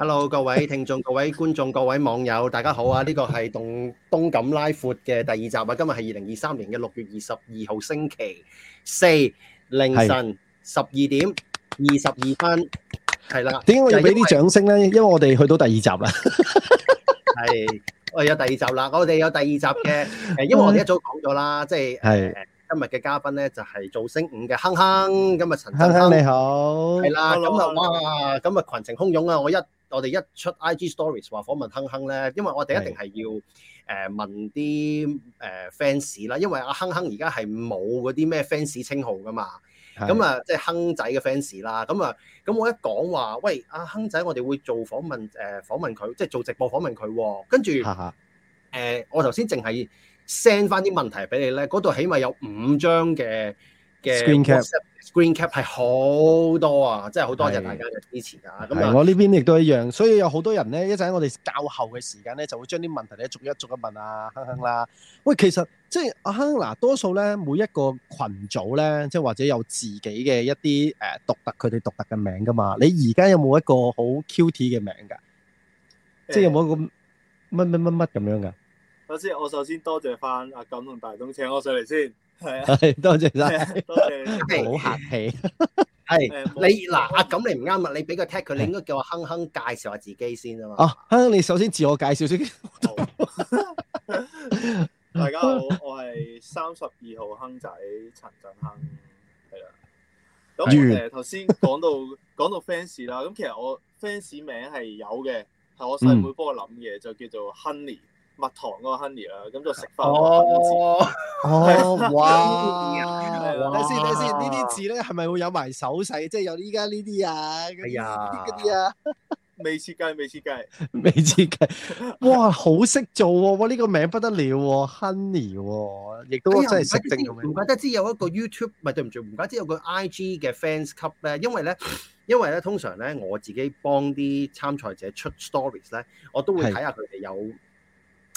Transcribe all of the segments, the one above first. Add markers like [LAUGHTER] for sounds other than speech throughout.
Hello，各位聽眾、各位觀眾、各位網友，大家好啊！呢個係《東感拉闊》嘅第二集啊，今日係二零二三年嘅六月二十二號星期四凌晨十二點二十二分，係啦。點解我要俾啲掌聲咧？因為我哋去到第二集啦。係，我有第二集啦。我哋有第二集嘅，因為我哋一早講咗啦，即係今日嘅嘉賓咧就係造星五嘅亨亨，今日陳亨亨你好。係啦，咁啊哇，咁啊今日羣情洶湧啊，我一我哋一出 IG Stories 話訪問亨亨咧，因為我哋一定係要誒是、呃、問啲誒 fans 啦，因為阿亨亨而家係冇嗰啲咩 fans 稱號㗎嘛，咁啊是、嗯、即係亨仔嘅 fans 啦，咁啊咁我一講話，喂阿亨仔，啊、我哋會做訪問誒、呃、訪問佢，即係做直播訪問佢、啊，跟住誒哈、呃、我頭先淨係 send 返啲問題俾你咧，嗰度起碼有五張嘅 s Green cap 係好多啊，即係好多謝大家嘅支持㗎、啊。咁的就我呢邊亦都一樣，所以有好多人咧，一陣我哋較後嘅時間咧，就會將啲問題咧逐一逐一問啊，亨亨啦。喂，其實即係阿亨嗱，多數咧每一個群組咧，即係或者有自己嘅一啲誒獨特，佢哋獨特嘅名㗎嘛。你而家有冇一個好 cute 嘅名㗎？欸、即係有冇一個乜乜乜乜咁樣㗎？首先，我首先多謝翻阿錦同大東請我上嚟先。係啊，多謝晒，多謝，唔好客氣。係你嗱啊，咁你唔啱啊，你俾個 tag 佢，你應該叫我亨亨介紹下自己先啊嘛。哦，亨亨，你首先自我介紹先。大家好，我係三十二號亨仔陳鎮亨，係啦。咁誒，頭先講到講到 fans 啦，咁其實我 fans 名係有嘅，係我細妹幫我諗嘅，就叫做 Honey。蜜糖嗰個 honey 啊，咁、啊、就食翻啲字，哦，哇！睇先睇先，呢啲字咧係咪會有埋手勢？即、就、係、是、有依家呢啲啊，哎呀，啲些啊，未設計，未設計，未設計。哇，好識做喎、啊！呢、這個名不得了喎，honey 喎，亦、啊、都真係識整。唔怪得之有一個 YouTube，唔係對唔住，唔怪得之有個 IG 嘅 fans club 咧。因為咧，因為咧，通常咧，我自己幫啲參賽者出 stories 咧，我都會睇下佢哋有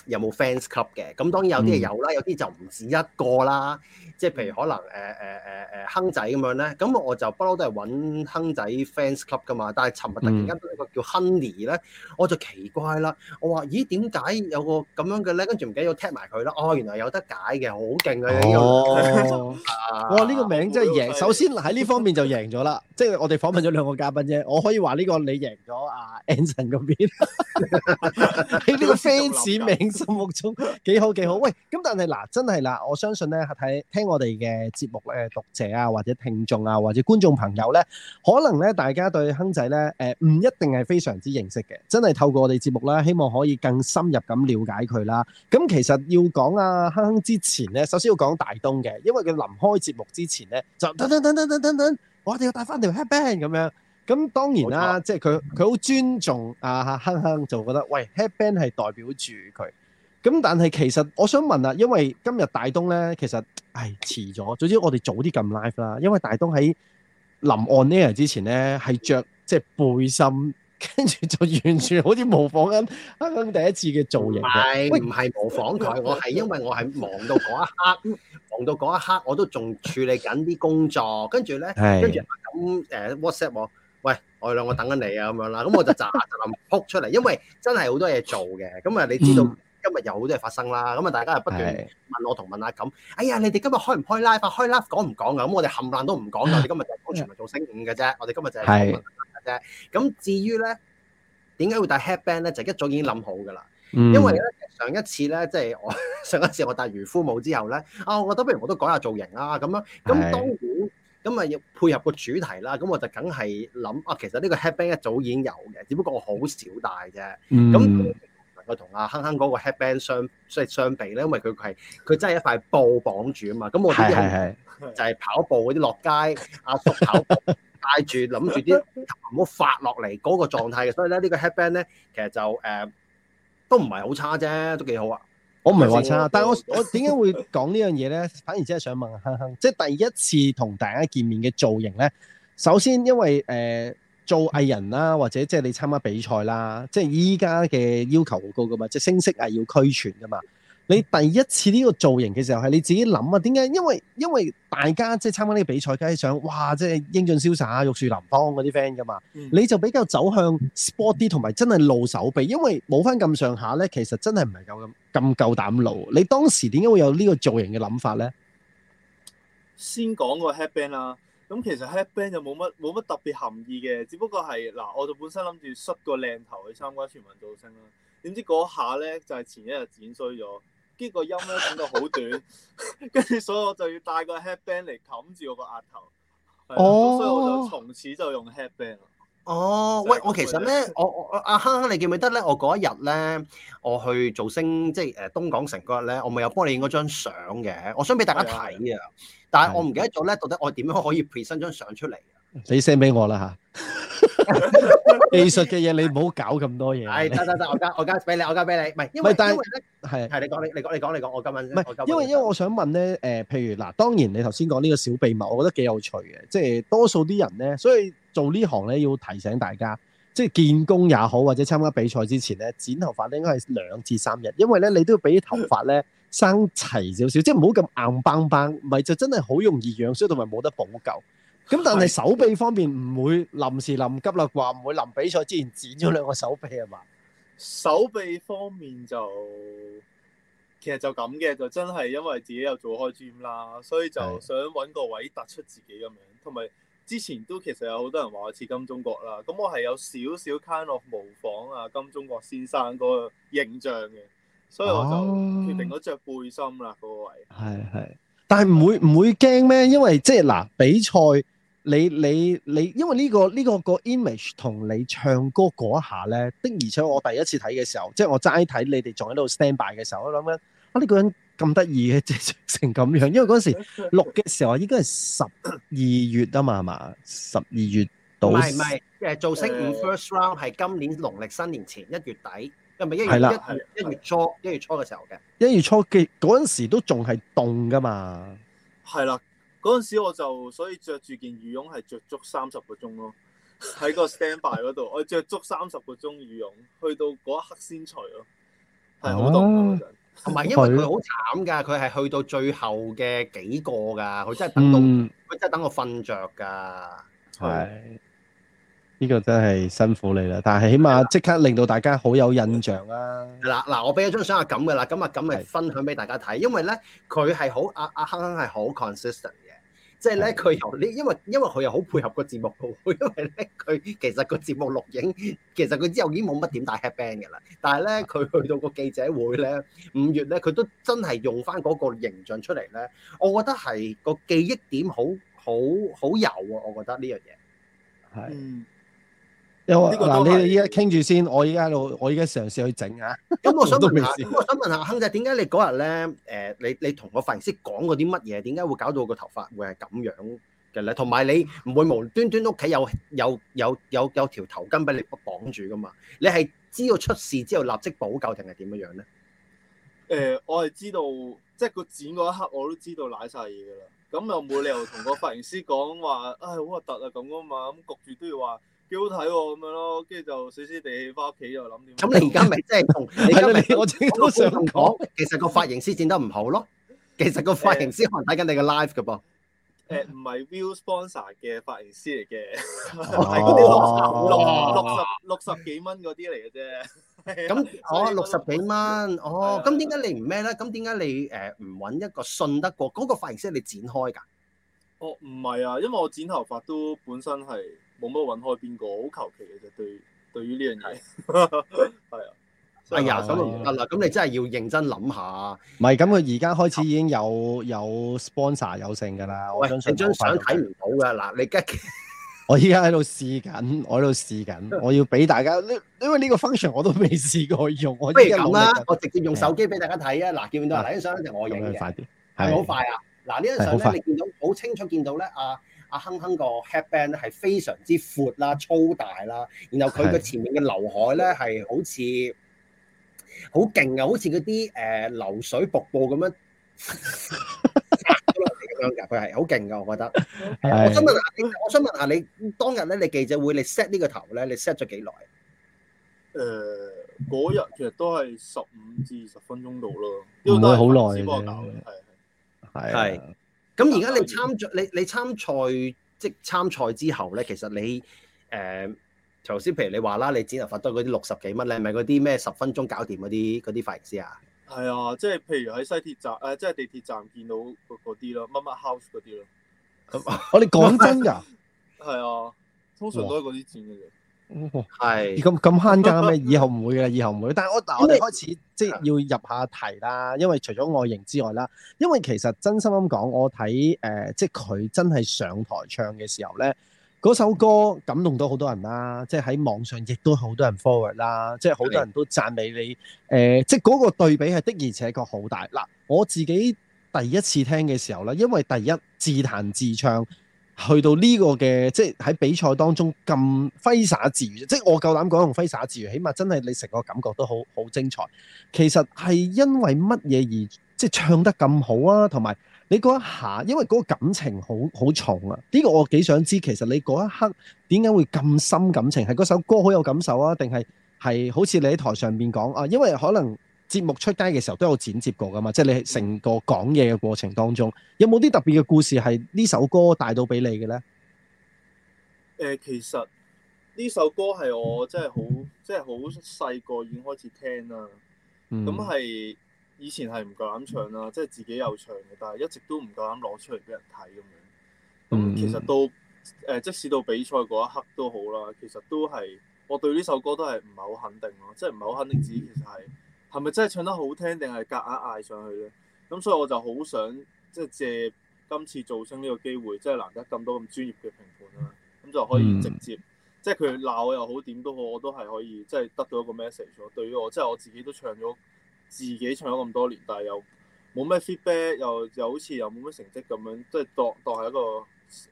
有冇 fans club 嘅？咁當然有啲係有啦，有啲就唔止一個啦。即係譬如可能誒誒誒誒亨仔咁樣咧，咁我就不嬲都係揾亨仔 fans club 噶嘛。但係尋日突然間多一個叫 Honey 咧，我就奇怪啦。我話咦點解有個咁樣嘅咧？跟住唔緊要踢埋佢啦。哦，原來有得解嘅，好勁嘅呢個。我話呢個名真係贏。首先喺呢方面就贏咗啦。即係我哋訪問咗兩個嘉賓啫，我可以話呢個你贏咗啊 Anson 嗰邊喺呢個 fans 名。心目中幾好幾好喂，喂！咁但係嗱，真係嗱，我相信咧，睇聽我哋嘅節目咧，讀者啊，或者聽眾啊，或者觀眾朋友咧，可能咧，大家對亨仔咧，誒、呃，唔一定係非常之認識嘅。真係透過我哋節目啦，希望可以更深入咁了解佢啦。咁其實要講阿亨亨之前咧，首先要講大東嘅，因為佢臨開節目之前咧，就等等等等等等，等等等等等哦、我哋要戴翻條 headband 咁樣。咁當然啦，沒錯 即係佢佢好尊重阿阿亨亨，啊、亨亨就覺得喂 headband 係代表住佢。咁但係其實我想問啊，因為今日大東咧，其實唉遲咗。早知我哋早啲撳 live 啦，因為大東喺臨 on air 之前咧，係着即係背心，跟住就完全好似模仿緊香港第一次嘅造型。唔係模仿佢，我係因為我係忙到嗰一刻，忙到嗰一刻我都仲處理緊啲工作，跟住咧，跟住咁誒 WhatsApp 我，喂，我哋兩個等緊你啊咁樣啦。咁我就咋就撲出嚟，因為真係好多嘢做嘅。咁啊，你知道？今日有好多嘢發生啦，咁啊大家又不斷問我同是的 問阿咁哎呀，你哋今日開唔開 live 啊、e,？開 live 講唔講啊？咁我哋冚唪唥都唔講，我哋今日就講、是、全民造星 V 嘅啫，我哋今日就係講乜嘅啫。咁是的 至於咧，點解會戴 headband 咧？就一早已經諗好噶啦，因為咧上一次咧即係我上一次我戴漁夫帽之後咧，啊我覺得不如我都改下造型啦咁樣，咁當然咁啊要配合個主題啦，咁我就梗係諗啊其實呢個 headband 一早已經有嘅，只不過我好少戴啫，咁、嗯。嗯我同阿亨亨嗰個 headband 相即係相比咧，因為佢係佢真係一塊布綁住啊嘛。咁我啲人就係跑步嗰啲落街 [LAUGHS] 阿叔跑步，帶住諗住啲頭髮冇發落嚟嗰個狀態嘅。所以咧，呢個 headband 咧，其實就誒、呃、都唔係好差啫，都幾好啊。我唔係話差，那個、但係我 [LAUGHS] 我點解會講呢樣嘢咧？反而真係想問亨亨，即 [LAUGHS] 係第一次同大家見面嘅造型咧。首先，因為誒。呃做藝人啦，或者即係你參加比賽啦，即係依家嘅要求好高噶嘛，即係聲色藝要俱全噶嘛。你第一次呢個造型嘅時候係你自己諗啊？點解？因為因為大家即係參加呢個比賽，梗係想哇，即係英俊瀟灑、玉樹臨風嗰啲 fan 噶嘛。嗯、你就比較走向 sport 啲，同埋真係露手臂，因為冇返咁上下咧，其實真係唔係夠咁咁夠膽露。你當時點解會有呢個造型嘅諗法咧？先講個 headband 啦、啊。咁其實 headband 就冇乜冇乜特別含義嘅，只不過係嗱，我就本身諗住揈個靚頭去參加全民造星啦。點知嗰下咧就係、是、前一日剪衰咗，跟住個音咧剪到好短，跟住 [LAUGHS] 所以我就要戴個 headband 嚟冚住我個額頭，哦、所以我就從此就用 headband。哦，喂，我其實咧，我我阿亨、啊、你記唔記得咧？我嗰一日咧，我去造星，即係誒東港城嗰日咧，我咪有幫你影嗰張相嘅，我想俾大家睇啊的！但係我唔記得咗咧，到底我點樣可以配身張相出嚟？你 send 俾我啦嚇！技術嘅嘢你唔好搞咁多嘢。係得得得，我交我交俾你，我交俾你。唔係，唔係，但係係係你講你你講你講你講。我今晚，唔係不，因為因為我想問咧，誒、呃，譬如嗱，當然你頭先講呢個小秘密，我覺得幾有趣嘅。即係多數啲人咧，所以做呢行咧，要提醒大家，即係見工也好，或者參加比賽之前咧，剪頭髮應該係兩至三日，因為咧你都要俾啲頭髮咧。 [LAUGHS] 生齊少少，即係唔好咁硬邦邦，唔係就真係好容易養衰同埋冇得補救。咁但係手臂方面唔會臨時臨急啦啩，唔會臨比賽之前剪咗兩個手臂係嘛？手臂方面就其實就咁嘅，就真係因為自己有做開 gym 啦，所以就想揾個位突出自己咁樣。同埋之前都其實有好多人話我似金鐘國啦，咁我係有少少 kind of 模仿阿金鐘國先生嗰個形象嘅。所以我就決定咗着背心啦，各位。係係，但係唔會唔會驚咩？因為即係嗱，比賽你你你，因為呢個呢個個 image 同你唱歌嗰一下咧的，而且我第一次睇嘅時候，即係我齋睇你哋仲喺度 stand by 嘅時候，我諗緊，啊呢個人咁得意嘅，即係成咁樣。因為嗰陣時錄嘅時候應該係十二月啊嘛，係嘛？十二月到先。唔係誒，造星 Vfirst round 係今年農曆新年前，一月底。係咪一月一月一的月初一月初嘅時候嘅？一月初嘅嗰陣時都仲係凍噶嘛？係啦，嗰陣時我就所以着住件羽絨係着足三十個鐘咯，喺 [LAUGHS] 個 standby 嗰度，我着足三十個鐘羽絨，去到嗰一刻先除咯，係好凍，同埋、啊、因為佢好慘噶，佢係去到最後嘅幾個噶，佢真係等到佢、嗯、真係等我瞓着噶。的呢個真係辛苦你啦，但係起碼即刻令到大家好有印象啊！嗱嗱，我俾一張相係咁嘅啦，咁啊咁咪分享俾大家睇，因為咧佢係好阿阿亨亨係好 consistent 嘅，即係咧佢由呢，因為因為佢又好配合個節目嘅，因為咧佢其實個節目錄影，其實佢之後已經冇乜點戴 headband 嘅啦，但係咧佢去到個記者會咧，五月咧佢都真係用翻嗰個形象出嚟咧，我覺得係個記憶點好好好油啊！我覺得呢樣嘢係嗯。有嗱、啊，你哋依家傾住先，我依家度，我依家嘗試去整嚇。咁 [LAUGHS] 我想問下，咁我想問下亨仔，點解你嗰日咧？誒，你你同個髮型師講過啲乜嘢？點解會搞到個頭髮會係咁樣嘅咧？同埋你唔會無端端屋企有有有有有條頭巾俾你綁住噶嘛？你係知道出事之後立即補救定係點樣樣咧？誒、呃，我係知道，即、就、係、是、個剪嗰一刻，我都知道瀨晒嘢噶啦。咁又冇理由同個髮型師講話，唉、哎，好核突啊咁啊嘛，咁焗住都要話。幾好睇喎，咁樣咯，小小想想樣跟住就死死地地翻屋企又諗點。咁你而家咪即係同你而家咪，我正都想講，其實個髮型師剪得唔好咯。其實個髮型師可能睇緊你個 live 噶噃。誒、呃，唔係 Viu sponsor 嘅髮型師嚟嘅，係嗰啲六六六六十、啊、六十幾蚊嗰啲嚟嘅啫。咁，哦，六十幾蚊，哦，咁點解你唔咩咧？咁點解你誒唔搵一個信得過嗰、嗰個髮型師你剪開噶？哦，唔係啊，因為我剪頭髮都本身係。 [LAUGHS] 冇乜揾開邊個，好求其嘅啫。對，對於呢樣嘢係啊。哎呀，咁唔得啦，咁你真係要認真諗下。唔係，咁佢而家開始已經有有 sponsor 有剩㗎啦。我你張相睇唔到㗎嗱，你吉？我依家喺度試緊，我喺度試緊，我要俾大家。呢因為呢個 function 我都未試過用。我不如咁啦，我直接用手機俾大家睇啊！嗱，見唔到睇呢張相我用嘅，快啲，係好快啊！嗱，呢張相咧你見到好清楚，見到咧啊。阿亨亨個 headband 咧係非常之闊啦、粗大啦，然後佢嘅前面嘅劉海咧係好似好勁啊，好似嗰啲誒流水瀑布咁樣發咁 [LAUGHS] [LAUGHS] 樣嘅，佢係好勁嘅，我覺得、 [LAUGHS] 啊。我想問阿我想問下你當日咧，你記者會你 set 呢個頭咧，你 set 咗幾耐？誒， [MUSIC] 嗰日、呃、其實都係十五至十分鐘度咯，唔會好耐啫。係係。咁而家你參賽，你你參賽即係參賽之後咧，其實你誒頭先譬如你話啦，你剪頭髮都嗰啲六十幾蚊，你係咪嗰啲咩十分鐘搞掂嗰啲髮型師啊？係啊，即係譬如喺西鐵站誒，即係地鐵站見到嗰啲咯，乜乜 house 嗰啲咯。咁我哋講真㗎？係 [LAUGHS] 啊，通常都係嗰啲錢嘅嘢。係咁咁慳家咩？以後唔會嘅，以後唔會。但係我嗱，為我哋開始即係要入下題啦。因為除咗外形之外啦，因為其實真心咁講，我睇誒、呃，即係佢真係上台唱嘅時候咧，嗰首歌感動到好多人啦。即係喺網上亦都好多人 forward 啦。即係好多人都讚美你誒的、呃，即係嗰個對比係的而且確好大。嗱，我自己第一次聽嘅時候咧，因為第一自彈自唱。去到呢個嘅，即係喺比賽當中咁揮灑自如，即係我夠膽講用揮灑自如，起碼真係你成個感覺都好好精彩。其實係因為乜嘢而即係唱得咁好啊？同埋你嗰一下，因為嗰個感情好好重啊！呢個我幾想知，其實你嗰一刻點解會咁深感情？係嗰首歌好有感受啊？定係係好似你喺台上面講啊？因為可能。節目出街嘅時候都有剪接過噶嘛？即係你成個講嘢嘅過程當中，有冇啲特別嘅故事係呢首歌帶到俾你嘅咧？誒、呃，其實呢首歌係我真係好，即係好細個已經開始聽啦。咁係、嗯、以前係唔夠膽唱啦，即係自己有唱嘅，但係一直都唔夠膽攞出嚟俾人睇咁樣。咁、嗯嗯、其實到誒、呃，即使到比賽嗰一刻都好啦，其實都係我對呢首歌都係唔係好肯定咯，即係唔係好肯定自己其實係。係咪真係唱得好聽定係夾硬嗌上去咧？咁所以我就好想即係、就是、借今次造星呢、這個機會，即、就、係、是、難得咁多咁專業嘅評判啦。咁、嗯、就可以直接，即係佢鬧我又好點都好，我都係可以即係、就是、得到一個 message。對於我即係、就是、我自己都唱咗，自己唱咗咁多年，但係又冇咩 feedback，又又好似又冇乜成績咁樣，即係當當係一個誒、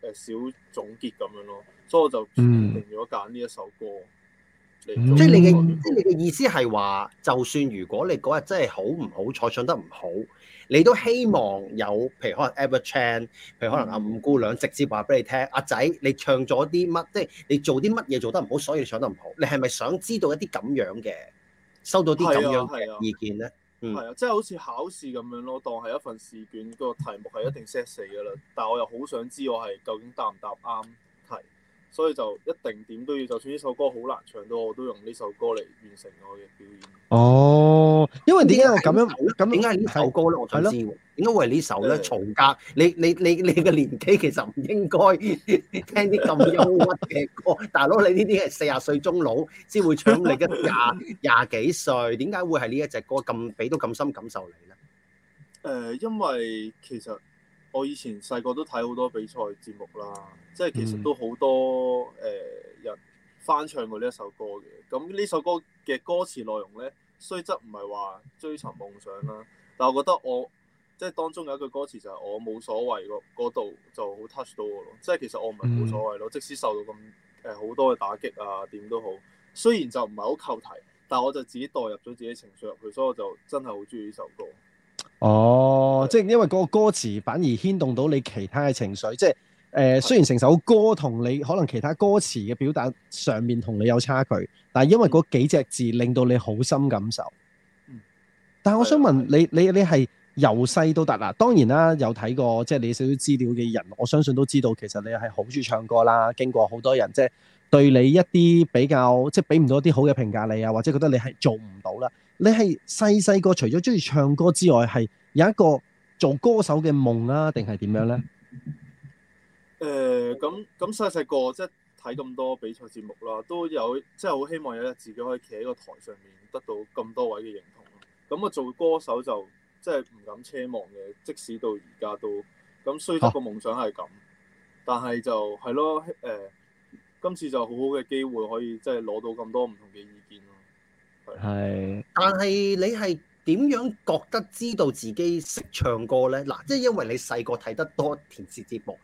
呃、小總結咁樣咯。所以我就嗯，決定咗揀呢一首歌。嗯嗯、即係你嘅，即係你嘅意思係話，就算如果你嗰日真係好唔好彩，唱得唔好，嗯、你都希望有，譬如可能 Edward Chan，譬如可能阿五姑娘，直接話俾你聽，阿、嗯啊、仔你唱咗啲乜，即係你做啲乜嘢做得唔好，所以你唱得唔好。你係咪想知道一啲咁樣嘅，收到啲咁樣嘅意見咧？啊啊、嗯，啊，即係好似考試咁樣咯，當係一份試卷，個題目係一定 set 死㗎啦。但係我又好想知我係究竟答唔答啱。所以就一定點都要，就算呢首歌好難唱到，我都用呢首歌嚟完成我嘅表演。哦，因為點解係咁樣？點解呢首歌咧？我唔知喎。點解的會係呢首咧？曹格，你你你你嘅年紀其實唔應該聽啲咁憂鬱嘅歌， [LAUGHS] 大佬，你呢啲係四十歲中老先會唱，你嘅廿廿幾歲，點解會係呢一隻歌咁俾到咁深感受你咧？誒、呃，因為其實。我以前細個都睇好多比賽節目啦，即係其實都好多誒、呃、人翻唱過呢一首歌嘅。咁呢首歌嘅歌詞內容咧，雖則唔係話追尋夢想啦，但係我覺得我即係當中有一句歌詞就係我冇所謂嗰度就好 touch 到我咯。即係其實我唔係冇所謂咯，嗯、即使受到咁誒好多嘅打擊啊，點都好。雖然就唔係好扣題，但係我就自己代入咗自己情緒入去，所以我就真係好鍾意呢首歌。哦，即係因為嗰個歌詞反而牽動到你其他嘅情緒，即係誒、呃，雖然成首歌同你可能其他歌詞嘅表達上面同你有差距，但係因為嗰幾隻字令到你好深感受。但係我想問、嗯、你，你你係由細到大啦，當然啦，有睇過即係你少少資料嘅人，我相信都知道，其實你係好中意唱歌啦。經過好多人即係對你一啲比較即係俾唔到一啲好嘅評價你啊，或者覺得你係做唔到啦。你係細細個除咗鍾意唱歌之外，係有一個做歌手嘅夢啊，定係點樣咧？誒、欸，咁咁細細個即係睇咁多比賽節目啦，都有即係好希望有日自己可以企喺個台上面得到咁多位嘅認同。咁啊，做歌手就即係唔敢奢望嘅，即使到而家都咁，雖則個夢想係咁，啊、但係就係咯誒，今次就好好嘅機會可以即係攞到咁多唔同嘅意見。.係，是但係你係點樣覺得知道自己識唱歌咧？嗱、啊，即係因為你細個睇得多電視節目，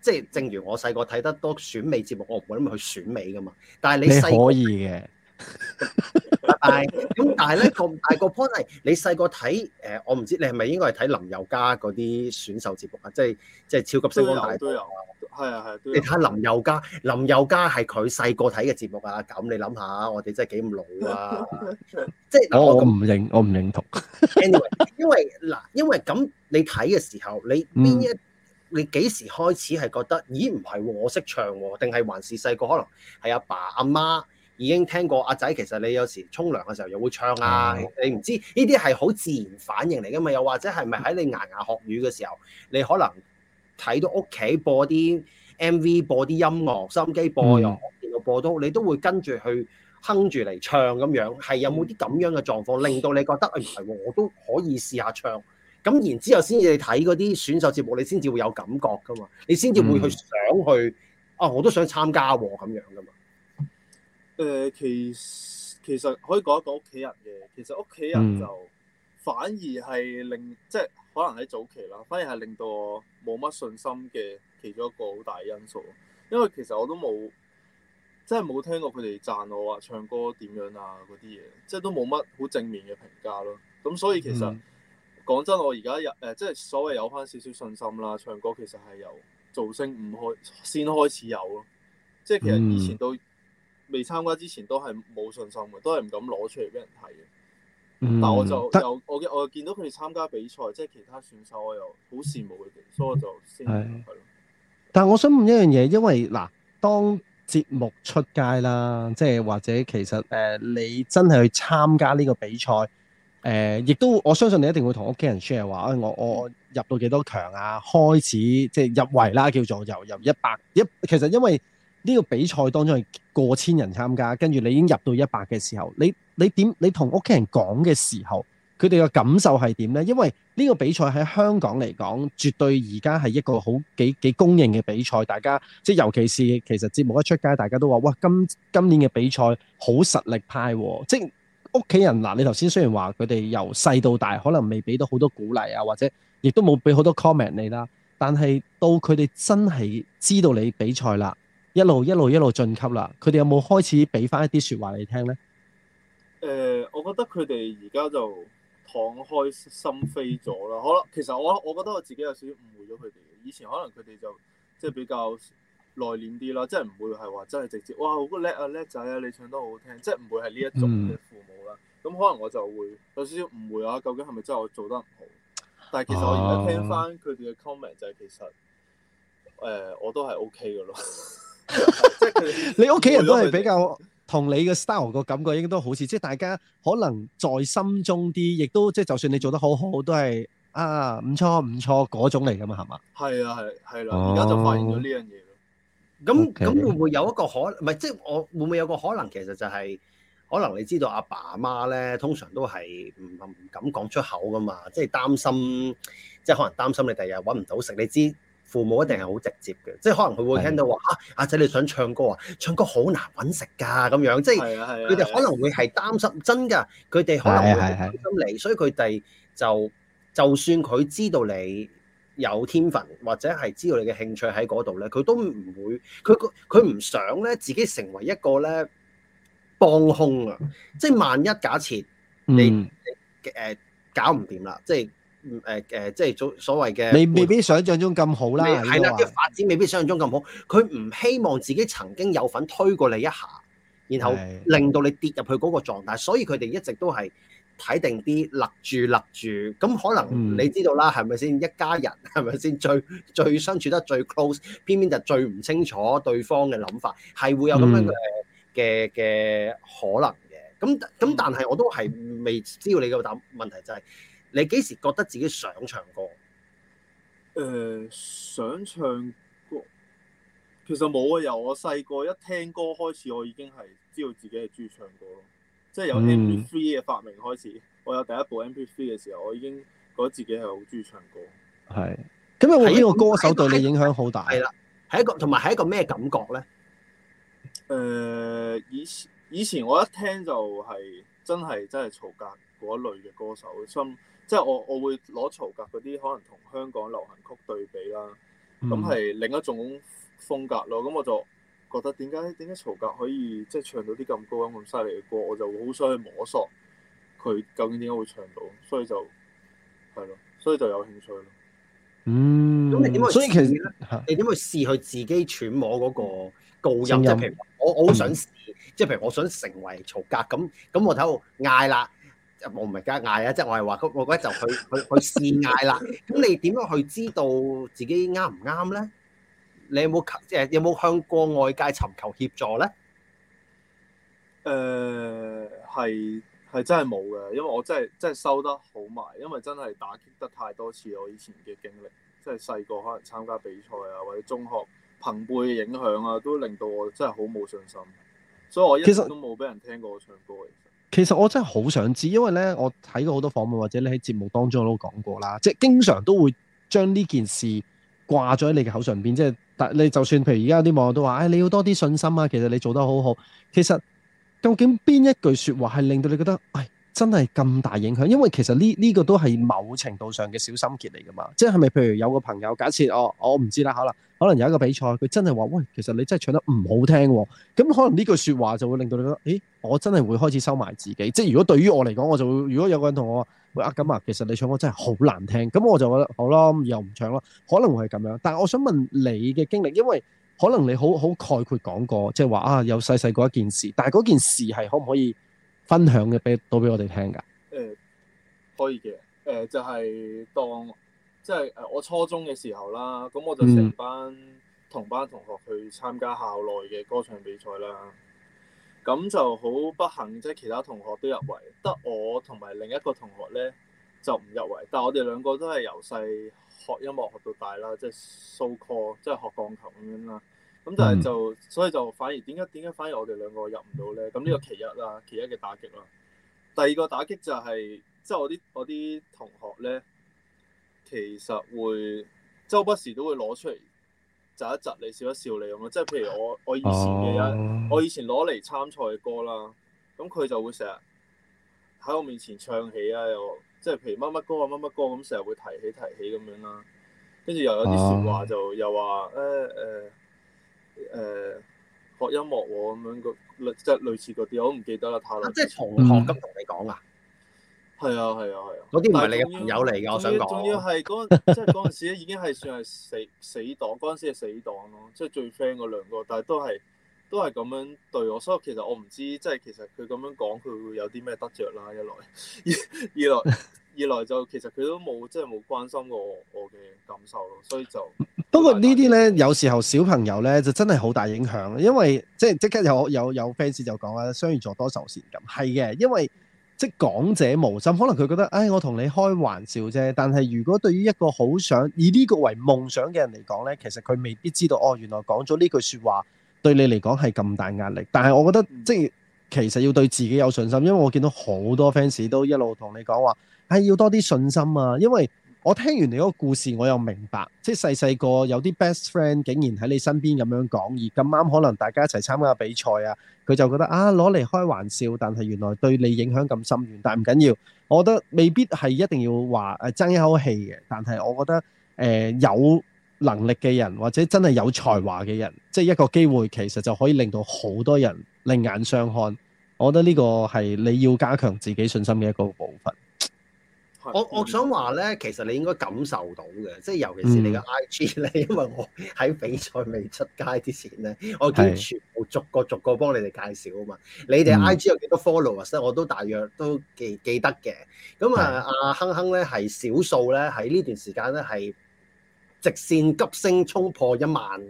即、就、係、是、正如我細個睇得多選美節目，我唔會諗去選美噶嘛。但係你，你可以嘅 [LAUGHS] [LAUGHS] 呢，但咁但係咧個大個 point 係，你細個睇誒，我唔知你係咪應該係睇林宥嘉嗰啲選秀節目啊？即係即係超級星光大都有啊。係啊係，你睇下林宥嘉，林宥嘉係佢細個睇嘅節目啊，咁你諗下，我哋真係幾咁老啊！ [LAUGHS] 即係我我唔的認我唔認同，anyway， [LAUGHS] 因為嗱，因為咁你睇嘅時候，你邊一你幾時開始係覺得，咦唔係、啊、我識唱、啊，定係還是細個可能係阿爸阿媽已經聽過？阿仔其實你有時沖涼嘅時候又會唱啊， [LAUGHS] 你唔知呢啲係好自然反應嚟噶嘛？又或者係咪喺你牙牙學語嘅時候，你可能？睇到屋企播啲 MV，播啲音樂，收音機播又播，播到、嗯、你都會跟住去哼住嚟唱咁樣，係有冇啲咁樣嘅狀況令到你覺得，哎，唔係，我都可以試下唱，咁然之後先至睇嗰啲選秀節目，你先至會有感覺噶嘛，你先至會去想去，嗯、啊，我都想參加喎咁樣噶嘛。誒、呃，其實其實可以講一講屋企人嘅，其實屋企人就，嗯反而係令即係可能喺早期啦，反而係令到我冇乜信心嘅其中一個好大因素。因為其實我都冇、啊，即係冇聽過佢哋讚我話唱歌點樣啊嗰啲嘢，即係都冇乜好正面嘅評價咯。咁所以其實講、嗯、真，我而家有誒，即係所謂有翻少少信心啦。唱歌其實係由造星 V 先開始有咯。即係其實以前都未參加之前都係冇信心嘅，都係唔敢攞出嚟俾人睇嘅。但我就、嗯、我我見到佢哋參加比賽，嗯、即係其他選手，我又好羨慕佢哋，嗯、所以我就先係咯。但係我想問一樣嘢，因為嗱，當節目出街啦，即係或者其實誒、呃，你真係去參加呢個比賽誒，亦、呃、都我相信你一定會同屋企人 share 話，我我入到幾多強啊？開始即係入圍啦，叫做由入一百一，其實因為呢個比賽當中係過千人參加，跟住你已經入到一百嘅時候，你。你點？你同屋企人講嘅時候，佢哋嘅感受係點呢？因為呢個比賽喺香港嚟講，絕對而家係一個好幾幾公認嘅比賽。大家即係尤其是其實節目一出街，大家都話：「哇！今今年嘅比賽好實力派啊。即係屋企人嗱，啊，你頭先雖然話佢哋由細到大可能未俾到好多鼓勵啊，或者亦都冇俾好多 comment 你啦。但係到佢哋真係知道你比賽啦，一路一路一路進級啦，佢哋有冇開始俾翻一啲説話你聽呢？誒、呃，我覺得佢哋而家就敞開心扉咗啦。可能其實我，我覺得我自己有少少誤會咗佢哋。以前可能佢哋就即係比較內斂啲啦，即係唔會係話真係直接，哇！好叻啊，叻仔啊，你唱得好好聽，即係唔會係呢一種嘅父母啦。咁、嗯、可能我就會有少少誤會啊，究竟係咪真係我做得唔好？但係其實我而家聽翻佢哋嘅 comment 就係其實誒，我都係 OK 嘅咯。即係你屋企人都係比較。 [LAUGHS] 同你嘅 style 個感覺應該都好似，即係大家可能在心中啲，亦都即係就算你做得好好，都係啊唔錯唔錯嗰種嚟㗎嘛，係嘛？係啊係係啦，而家就發現咗呢樣嘢咯。咁咁會唔會有一個可能？係即係我會唔會有個可能，其實就係可能你知道阿爸阿媽咧，通常都係唔唔敢講出口㗎嘛，即係擔心，即係可能擔心你第日揾唔到食，你知。父母一定係好直接嘅，即係可能佢會聽到話的啊，阿仔你想唱歌啊，唱歌好難揾食㗎咁樣，即係佢哋可能會係擔心，的真㗎佢哋可能會擔心你，的所以佢哋就就算佢知道你有天分或者係知道你嘅興趣喺嗰度咧，佢都唔會，佢佢唔想咧自己成為一個咧幫兇啊！即係萬一假設你誒、呃、搞唔掂啦，即係。唔誒、呃、即係做所謂嘅，未未必想象中咁好啦。係啦，啲、這個、發展未必想象中咁好。佢唔希望自己曾經有份推過你一下，然後令到你跌入去嗰個狀態。所以佢哋一直都係睇定啲立住立住。咁可能、嗯、你知道啦，係咪先一家人？係咪先最最相處得最 close，偏偏就最唔清楚對方嘅諗法，係會有咁樣嘅嘅嘅可能嘅。咁咁但係我都係未知道你嘅，但問題就係、是。你幾時覺得自己想唱歌？誒、呃，想唱歌其實冇啊！由我細個一聽歌開始，我已經係知道自己係中意唱歌咯。即係由 M P three 嘅發明開始，嗯、我有第一部 M P three 嘅時候，我已經覺得自己係好中意唱歌。係咁，又呢個歌手對你影響好大。係啦，係一個同埋係一個咩感覺咧？誒、呃，以前以前我一聽就係、是、真係真係曹格嗰類嘅歌手，心～即係我我會攞曹格嗰啲可能同香港流行曲對比啦，咁係另一種風格咯。咁我就覺得點解點解曹格可以即係唱到啲咁高音咁犀利嘅歌，我就好想去摸索佢究竟點解會唱到。所以就係咯，所以就有興趣咯。嗯，咁你點去試？所以其實你點去試佢自己揣摩嗰個高音？音即係譬如我好想試，嗯、即係譬如我想成為曹格咁，咁我喺度嗌啦。我唔係加嗌啊！即係我係話，我覺得就去 [LAUGHS] 去去，去試嗌啦。咁你點樣去知道自己啱唔啱咧？你有冇即係有冇、呃、向過外界尋求協助咧？誒、呃，係係真係冇嘅，因為我真係真係收得好埋。因為真係打擊得太多次，我以前嘅經歷，即係細個可能參加比賽啊，或者中學朋輩嘅影響啊，都令到我真係好冇信心。所以我一直都冇俾人聽過我唱歌嘅。其實我真係好想知，因為呢，我睇過好多訪問，或者你喺節目當中我都講過啦，即係經常都會將呢件事掛咗喺你嘅口上邊，即係但你就算譬如而家有啲網友都話，唉、哎、你要多啲信心啊，其實你做得好好，其實究竟邊一句説話係令到你覺得？哎真係咁大影響，因為其實呢呢、呢個都係某程度上嘅小心結嚟㗎嘛。即係咪？譬如有個朋友，假設、哦、我我唔知啦，可能可能有一個比賽，佢真係話喂，其實你真係唱得唔好聽、哦。咁、嗯、可能呢句説話就會令到你覺得，誒，我真係會開始收埋自己。即係如果對於我嚟講，我就會如果有個人同我話咁啊，其實你唱歌真係好難聽。咁、嗯、我就覺得好咯，又唔唱咯。可能會係咁樣。但係我想問你嘅經歷，因為可能你好好概括講過，即係話啊，有細細個一件事，但係嗰件事係可唔可以？分享嘅俾倒俾我哋聽噶？誒可以嘅，誒就係當即係誒我初中嘅時候啦，咁我就成班同班同學去參加校內嘅歌唱比賽啦，咁就好不幸即係其他同學都入圍，得我同埋另一個同學咧就唔入圍，但係我哋兩個都係由細學音樂學到大啦，即係 so call 即係學鋼琴啦。咁、嗯、但係就所以就反而點解點解反而我哋兩個入唔到咧？咁呢個其一啦，其一嘅打擊啦。第二個打擊就係、是、即係我啲我啲同學咧，其實會周不時都會攞出嚟窒一窒你笑一笑你咁咯。即係譬如我我以前嘅人，我以前攞嚟、啊、參賽嘅歌啦，咁佢就會成日喺我面前唱起啊，又即係譬如乜乜歌啊乜乜歌咁，成日會提起提起咁樣啦、啊。跟住又有啲説話就、啊、又話誒誒。哎哎哎誒學音樂喎，咁樣嗰類即係類似嗰啲，我唔記得啦。太即係從學咁同你講啊，係啊係啊係啊。嗰啲唔係你嘅朋友嚟嘅，我想講。仲要係嗰即係嗰陣時已經係算係死死黨，嗰陣時係死黨咯。即係最 friend 嗰兩個，但係都係都係咁樣對我。所以其實我唔知，即係其實佢咁樣講，佢會有啲咩得着啦，啊。一來，二來 [LAUGHS] 二來就其實佢都冇即係冇關心過我我嘅感受咯，所以就。不過呢啲呢，有時候小朋友呢就真係好大影響，因為即係即刻有有有 fans 就講啊，雙魚座多愁善感，係嘅，因為即講者無心，可能佢覺得，唉、哎，我同你開玩笑啫。但係如果對於一個好想以呢個為夢想嘅人嚟講呢，其實佢未必知道，哦，原來講咗呢句説話對你嚟講係咁大壓力。但係我覺得即係其實要對自己有信心，因為我見到好多 fans 都一路同你講話，係、哎、要多啲信心啊，因為。我聽完你嗰個故事，我又明白，即係細細個有啲 best friend 竟然喺你身邊咁樣講，而咁啱可能大家一齊參加比賽啊，佢就覺得啊攞嚟開玩笑，但係原來對你影響咁深遠。但係唔緊要，我覺得未必係一定要話爭一口氣嘅。但係我覺得誒、呃、有能力嘅人或者真係有才華嘅人，即係一個機會，其實就可以令到好多人另眼相看。我覺得呢個係你要加強自己信心嘅一個部分。我我想話咧，其實你應該感受到嘅，即係尤其是你嘅 IG 咧，因為我喺比賽未出街之前咧， [LAUGHS] 我已經全部逐個逐個，逐個幫你哋介紹啊嘛。嗯、你哋 IG 有幾多 followers 咧，我都大約都記記得嘅。咁啊，阿、嗯啊、亨亨咧係少數咧，喺呢段時間咧係直線急升衝破一萬。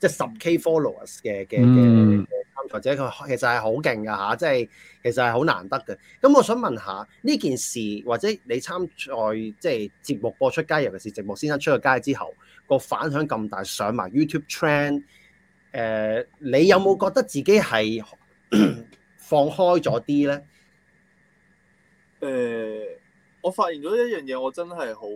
即係十 K followers 嘅嘅嘅，或者佢其實係好勁嘅吓，即係其實係好難得嘅。咁、嗯、我想問下呢件事，或者你參賽即係節目播出街，尤其是節目先生出咗街之後，個反響咁大，上埋 YouTube trend，誒、呃，你有冇覺得自己係 [COUGHS] 放開咗啲咧？誒、呃，我發現咗一樣嘢，我真係好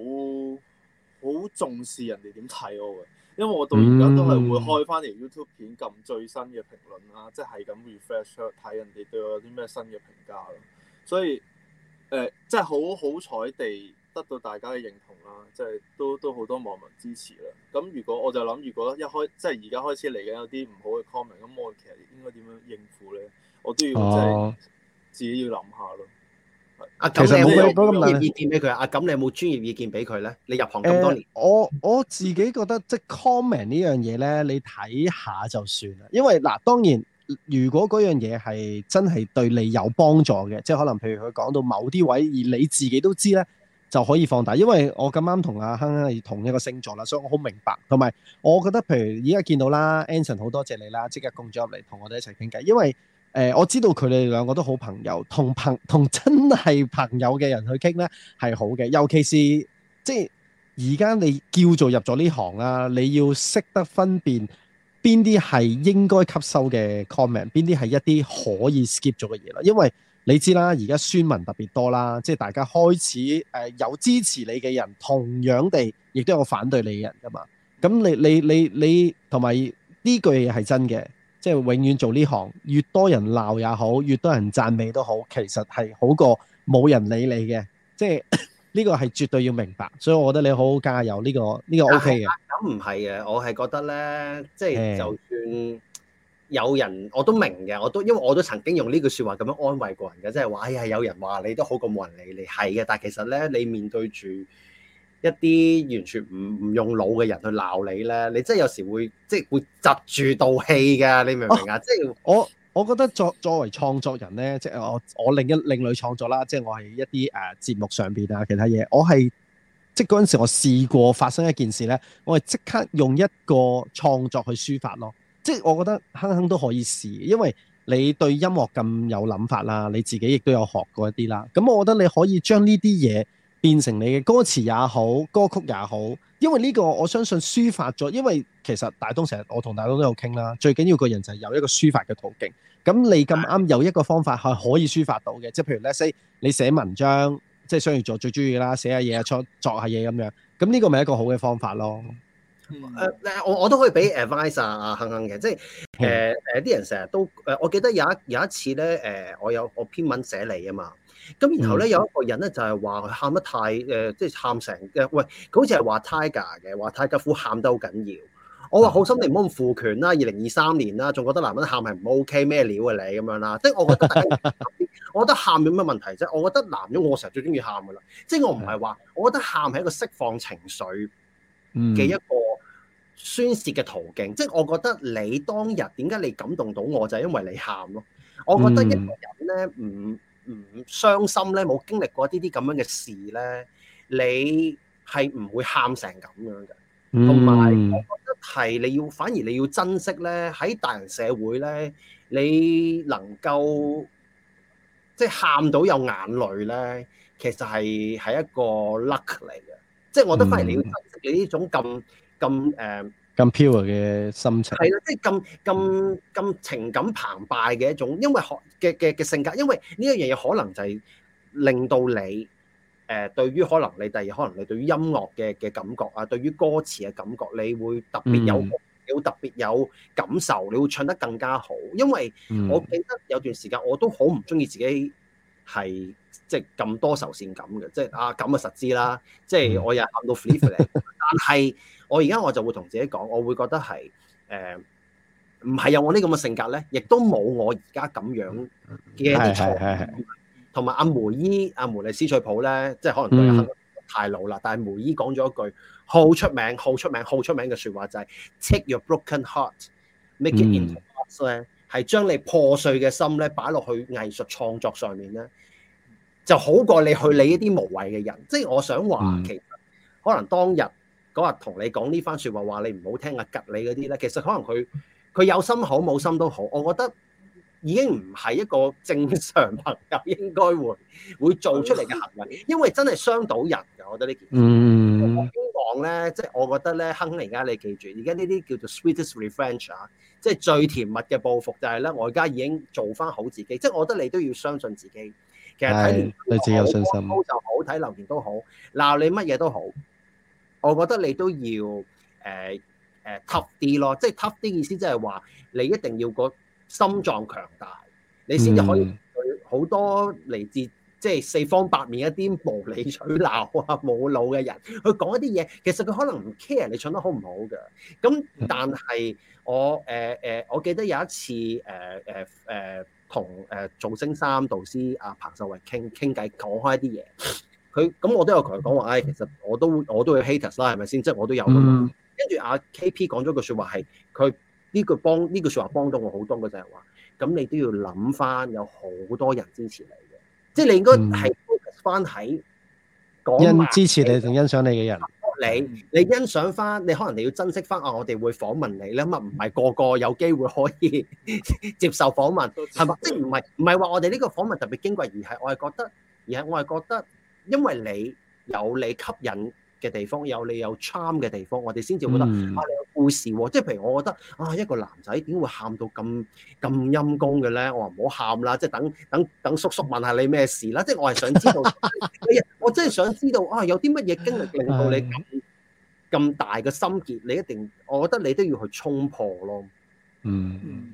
好重視人哋點睇我嘅。因為我到而家都係會開翻條 YouTube 片，撳最新嘅評論啦，即係咁 refresh 睇人哋對我有啲咩新嘅評價咯。所以誒、欸，即係好好彩地得到大家嘅認同啦，即係都都好多網民支持啦。咁如果我就諗，如果一開即係而家開始嚟緊有啲唔好嘅 comment，咁我其實應該點樣應付咧？我都要即係自己要諗下咯。啊啊，其實你有冇專業意見俾佢啊？咁你有冇專業意見俾佢咧？你入行咁多年，呃、我我自己覺得即係 comment 呢樣嘢咧，你睇下就算啦。因為嗱，當然如果嗰樣嘢係真係對你有幫助嘅，即係可能譬如佢講到某啲位，而你自己都知咧，就可以放大。因為我咁啱同阿亨亨係同一個星座啦，所以我好明白。同埋我覺得譬如而家見到啦，Anson 好多謝你啦，即刻供咗入嚟同我哋一齊傾偈，因為。誒、呃、我知道佢哋兩個都好朋友，同朋同真係朋友嘅人去傾呢，係好嘅，尤其是即係而家你叫做入咗呢行啦，你要識得分辨邊啲係應該吸收嘅 comment，邊啲係一啲可以 skip 咗嘅嘢啦。因為你知啦，而家宣文特別多啦，即係大家開始誒、呃、有支持你嘅人，同樣地亦都有反對你嘅人，㗎嘛。咁你你你你同埋呢句嘢係真嘅。即係永遠做呢行，越多人鬧也好，越多人讚美都好，其實係好過冇人理你嘅。即係呢個係絕對要明白，所以我覺得你好好加油呢個呢個 O K 嘅。咁唔係嘅，我係覺得咧，即係就算有人我都明嘅，我都因為我都曾經用呢句説話咁樣安慰過人嘅，即係話唉，有人話你都好過冇人理你係嘅，但係其實咧，你面對住。一啲完全唔唔用腦嘅人去鬧你咧，你真係有時會即係會窒住道氣㗎，你明唔明啊？即係我我覺得作作為創作人咧，即係我我另一另類創作啦，即係我係一啲誒、啊、節目上邊啊，其他嘢我係即係嗰陣時我試過發生一件事咧，我係即刻用一個創作去抒發咯。即係我覺得亨亨都可以試，因為你對音樂咁有諗法啦，你自己亦都有學過一啲啦。咁我覺得你可以將呢啲嘢。變成你嘅歌詞也好，歌曲也好，因為呢個我相信抒發咗。因為其實大東成日我同大東都有傾啦，最緊要個人就係有一個抒發嘅途徑。咁你咁啱有一個方法係可以抒發到嘅，即係譬如 let’s say 你寫文章，即係雙魚座最中意啦，寫下嘢啊，作作下嘢咁樣。咁呢個咪一個好嘅方法咯。誒、嗯呃，我我都可以俾 advice 啊，亨亨嘅，即係誒誒啲人成日都誒、呃，我記得有一有一次咧誒，我有，我，有我篇文寫你啊嘛。咁然後咧，有一個人咧就係話佢喊得太誒，即係喊成嘅。喂，佢好似係話「tiger」嘅，話泰迦虎喊得好緊要。我話好心你唔好咁負權啦，二零二三年啦，仲覺得男人喊係唔 OK 咩料 [LAUGHS] 啊你咁樣啦。即係我覺得，我覺得喊有咩問題啫？我覺得男人我成日最中意喊噶啦。即係我唔係話，我覺得喊係一個釋放情緒嘅一個宣泄嘅途徑。嗯、即係我覺得你當日點解你感動到我就係、是、因為你喊咯。我覺得一個人咧唔～唔傷心咧，冇經歷過呢啲咁樣嘅事咧，你係唔會喊成咁樣嘅。同埋，我覺得係你要，反而你要珍惜咧。喺大人社會咧，你能夠即係喊到有眼淚咧，其實係係一個 luck 嚟嘅。即係我覺得反而你要珍惜你呢種咁咁誒。咁 pure 嘅心情，係啦，即係咁咁咁情感澎湃嘅一種，因為學嘅嘅嘅性格，因為呢一樣嘢可能就係令到你誒、呃、對於可能你第二可能你對於音樂嘅嘅感覺啊，對於歌詞嘅感覺，你會特別有，嗯、你會特別有感受，你會唱得更加好。因為我記得有段時間我都好唔中意自己係即係咁多愁善感嘅，即係啊咁嘅實知啦，嗯、即係我又喊到 free，但係。我而家我就會同自己講，我會覺得係誒，唔、呃、係有我呢咁嘅性格咧，亦都冇我而家咁樣嘅一啲同埋阿梅姨、阿梅麗斯翠普咧，即係可能都可能太老啦。嗯、但係梅姨講咗一句好出名、好出名、好出名嘅説話，就係，就係 Take your broken heart, make it into art 咧，係、嗯、將你破碎嘅心咧擺落去藝術創作上面咧，就好過你去理一啲無謂嘅人。即係我想話，其實、嗯、可能當日。我話同你講呢番説話，話你唔好聽啊，吉你嗰啲咧，其實可能佢佢有心好冇心都好，我覺得已經唔係一個正常朋友應該會會做出嚟嘅行為，因為真係傷到人嘅。Mm hmm. 我，就係、我覺得呢件事。希望咧，即係我覺得咧，哼，而家你記住，而家呢啲叫做 sweetest revenge 啊，即係最甜蜜嘅報復，就係咧，我而家已經做翻好自己。即係我覺得你都要相信自己。其實，你自己有信心。好就好，睇留言都好，鬧你乜嘢都好。我覺得你都要誒誒 tough 啲咯，即係 tough 啲意思即係話你一定要個心臟強大，你先至可以對好多嚟自即係四方八面一啲無理取鬧啊、冇腦嘅人去講一啲嘢，其實佢可能唔 care 你唱得好唔好嘅。咁但係我誒誒、呃呃，我記得有一次誒誒誒同誒造星三導師阿彭秀慧傾傾偈，講開一啲嘢。佢咁，我都有同佢講話。唉、哎，其實我都我都，會 ater, 是是、就是、我都有 haters 啦，係咪先？即係我都有噶嘛。跟住阿 KP 講咗句說話係佢呢句幫呢句說話幫到我好多嘅，就係話咁你都要諗翻有好多人支持你嘅，即係你應該係 focus 翻喺講因支持你同欣賞你嘅人。你你欣賞翻，你可能你要珍惜翻啊！我哋會訪問你你諗吖嘛，唔係個個有機會可以 [LAUGHS] 接受訪問係嘛？ [LAUGHS] 即係唔係唔係話我哋呢個訪問特別矜貴，而係我係覺得而係我係覺得。因為你有你吸引嘅地方，有你有 charm 嘅地方，我哋先至覺得、嗯、啊，你有故事喎、啊。即係譬如我覺得啊，一個男仔點會喊到咁咁陰功嘅咧？我話唔好喊啦，即係等等等叔叔問下你咩事啦、啊。即係我係想知道， [LAUGHS] 我真係想知道啊，有啲乜嘢經歷令到你咁咁是大嘅心結？你一定，我覺得你都要去衝破咯。嗯。嗯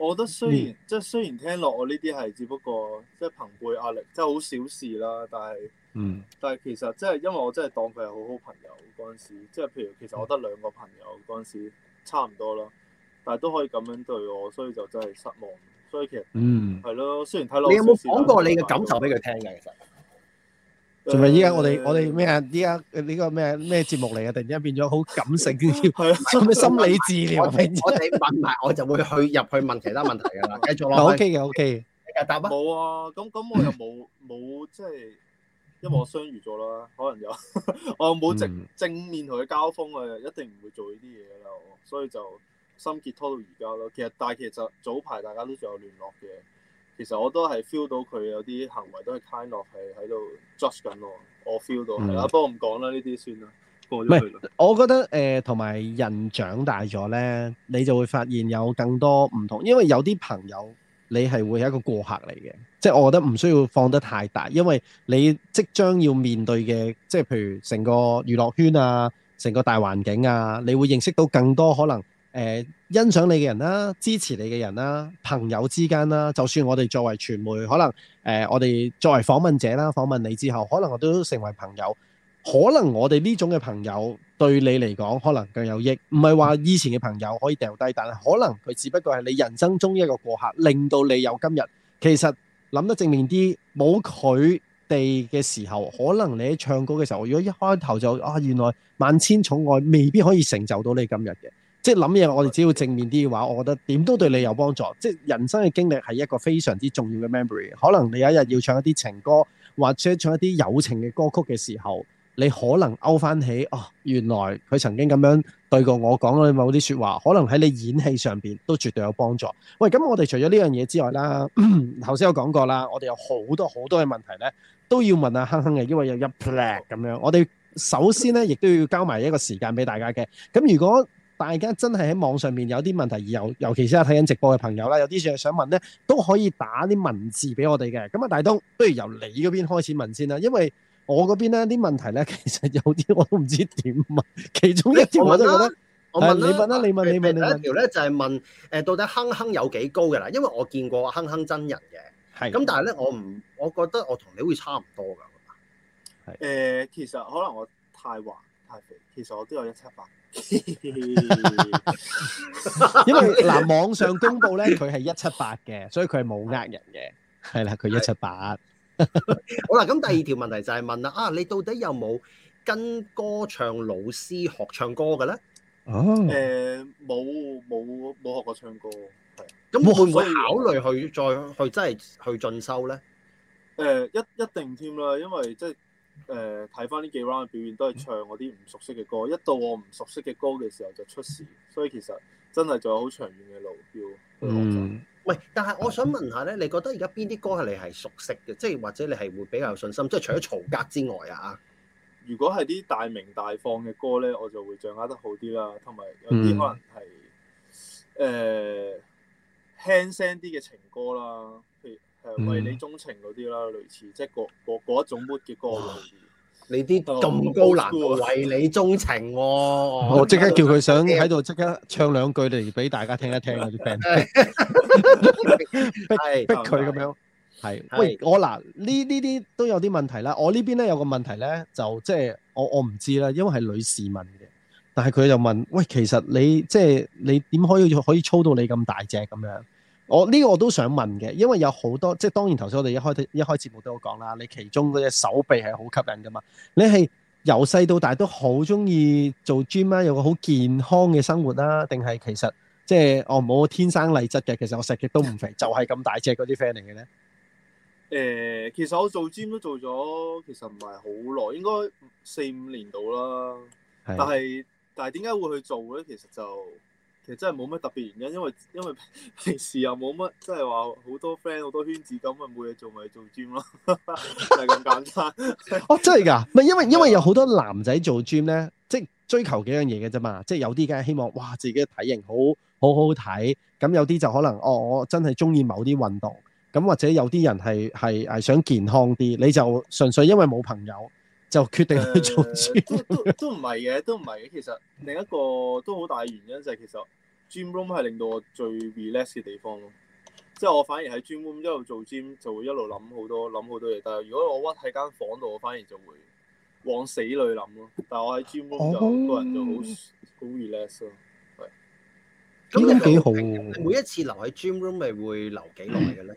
我覺得雖然即係、嗯、雖然聽落我呢啲係只不過即係朋輩壓力，即係好小事啦。但係，嗯，但係其實即係因為我真係當佢係好好朋友嗰陣時，即係譬如其實我得兩個朋友嗰陣時差唔多啦，但係都可以咁樣對我，所以就真係失望。所以其實，嗯，係咯。雖然睇落你有冇講過你嘅感受俾佢聽㗎，其實。仲係依家我哋的我哋咩啊？依家呢個咩咩節目嚟啊？突然之間變咗好感性，仲咪 [LAUGHS] 的心理治療？ [LAUGHS] 我哋問埋我就會去入去問其他問題噶啦。繼續咯、哦。OK 嘅，OK。答冇啊，咁咁我又冇冇即係，因為我相遇咗啦， [LAUGHS] 可能有我又我冇正正面同佢交鋒，我一定唔會做呢啲嘢啦，我所以就心結拖到而家咯。其實但係其實早排大家都仲有聯絡嘅。其實我都係 feel 到佢有啲行為都係睇落去，喺度 judge 緊我，我 feel 到係，嗯、不過唔講啦，呢啲算啦。過咗去了、嗯，我覺得誒同埋人長大咗咧，你就會發現有更多唔同，因為有啲朋友你係會係一個過客嚟嘅，即係我覺得唔需要放得太大，因為你即將要面對嘅，即係譬如成個娛樂圈啊，成個大環境啊，你會認識到更多可能。誒、呃、欣賞你嘅人啦，支持你嘅人啦，朋友之間啦，就算我哋作為傳媒，可能誒、呃、我哋作為訪問者啦，訪問你之後，可能我都成為朋友，可能我哋呢種嘅朋友對你嚟講，可能更有益。唔係話以前嘅朋友可以掉低，但係可能佢只不過係你人生中一個過客，令到你有今日。其實諗得正面啲，冇佢哋嘅時候，可能你喺唱歌嘅時候，如果一開頭就啊原來萬千寵愛未必可以成就到你今日嘅。即係諗嘢，我哋只要正面啲嘅話，我覺得點都對你有幫助。即係人生嘅經歷係一個非常之重要嘅 memory。可能你有一日要唱一啲情歌，或者唱一啲友情嘅歌曲嘅時候，你可能勾翻起哦，原來佢曾經咁樣對過我講咗某啲說話。可能喺你演戲上邊都絕對有幫助。喂，咁我哋除咗呢樣嘢之外啦，頭先有講過啦，我哋有好多好多嘅問題咧，都要問阿亨亨嘅，因為有一 reply 咁樣。我哋首先咧，亦都要交埋一個時間俾大家嘅。咁如果大家真係喺網上面有啲問題，而尤尤其是啊睇緊直播嘅朋友啦，有啲嘢想問咧，都可以打啲文字俾我哋嘅。咁啊，大東不如由你嗰邊開始問先啦，因為我嗰邊咧啲問題咧，其實有啲我都唔知點問。其中一條我都覺得，我問啦，你問啦，你問、啊、你問，第一條咧就係、是、問誒到底亨亨有幾高嘅啦，因為我見過亨亨真人嘅，係咁的、嗯，但係咧我唔，我覺得我同你會差唔多㗎。係誒的，其實可能我太橫太肥，其實我都有一七八。因為嗱網上公布咧，佢係一七八嘅，所以佢係冇呃人嘅。係啦，佢一七八。好啦，咁第二條問題就係問啦，啊，你到底有冇跟歌唱老師學唱歌嘅咧？哦，誒，冇冇冇學過唱歌。咁會唔會考慮去再去即係去進修咧？誒，一一定添啦，因為即係。誒睇翻呢幾 round 嘅表現，都係唱我啲唔熟悉嘅歌，一到我唔熟悉嘅歌嘅時候就出事，所以其實真係仲有好長遠嘅路要。嗯。但係我想問下咧，你覺得而家邊啲歌係你係熟悉嘅，即係或者你係會比較有信心，嗯、即係除咗曹格之外啊？如果係啲大鳴大放嘅歌咧，我就會掌握得好啲啦，同埋有啲可能係誒、嗯呃、輕聲啲嘅情歌啦。誒，嗯、為你鍾情嗰啲啦，類似即係嗰嗰嗰一種 mood 嘅歌咯。你啲咁高難度為你鍾情，哇我即刻叫佢想喺度，即刻唱兩句嚟俾大家聽一聽嗰啲 band。 [LAUGHS] 的 [LAUGHS] 逼的逼佢咁樣，係喂，我嗱呢呢啲都有啲問題啦。我呢邊咧有個問題咧，就即係、就是、我我唔知啦，因為係女士問嘅，但係佢就問喂，其實你即係、就是、你點可以可以操到你咁大隻咁樣？我呢、這個我都想問嘅，因為有好多即係當然頭先我哋一開一開節目都有講啦，你其中嗰隻手臂係好吸引噶嘛？你係由細到大都好中意做 gym 啦，有個好健康嘅生活啦，啊，定係其實即係我唔好天生麗質嘅，其實我食極都唔肥， [LAUGHS] 就係咁大隻嗰啲 friend 嚟嘅咧？誒，呃，其實我做 gym 都做咗，其實唔係好耐，應該四五年度啦是。但係但係點解會去做咧？其實就。其實真係冇乜特別原因，因為因為平時又冇乜，即係話好多 friend 好多圈子咁，咪冇嘢做咪做 gym 咯，就係 [LAUGHS] 咁簡單。 [LAUGHS] 哦，真係㗎，唔係因為因為有好多男仔做 gym 咧，即係追求幾樣嘢嘅啫嘛，即係有啲梗係希望，哇，自己嘅體型好好好睇，咁有啲就可能，哦，我真係中意某啲運動，咁或者有啲人係係係想健康啲，你就純粹因為冇朋友就決定去做 gym、呃。 [LAUGHS] 都都都唔係嘅，都唔係嘅，其實另一個都好大嘅原因就係其實。Gym room 係令到我最 relax 嘅地方咯，即係我反而喺 gym room 一路做 gym 就會一路諗好多諗好多嘢，但係如果我屈喺間房度，我反而就會往死裏諗咯。但係我喺 gym room 就、哦、個人就好好 relax 咯。係，咁都幾好。每一次留喺 gym room 咪會留幾耐嘅咧？嗯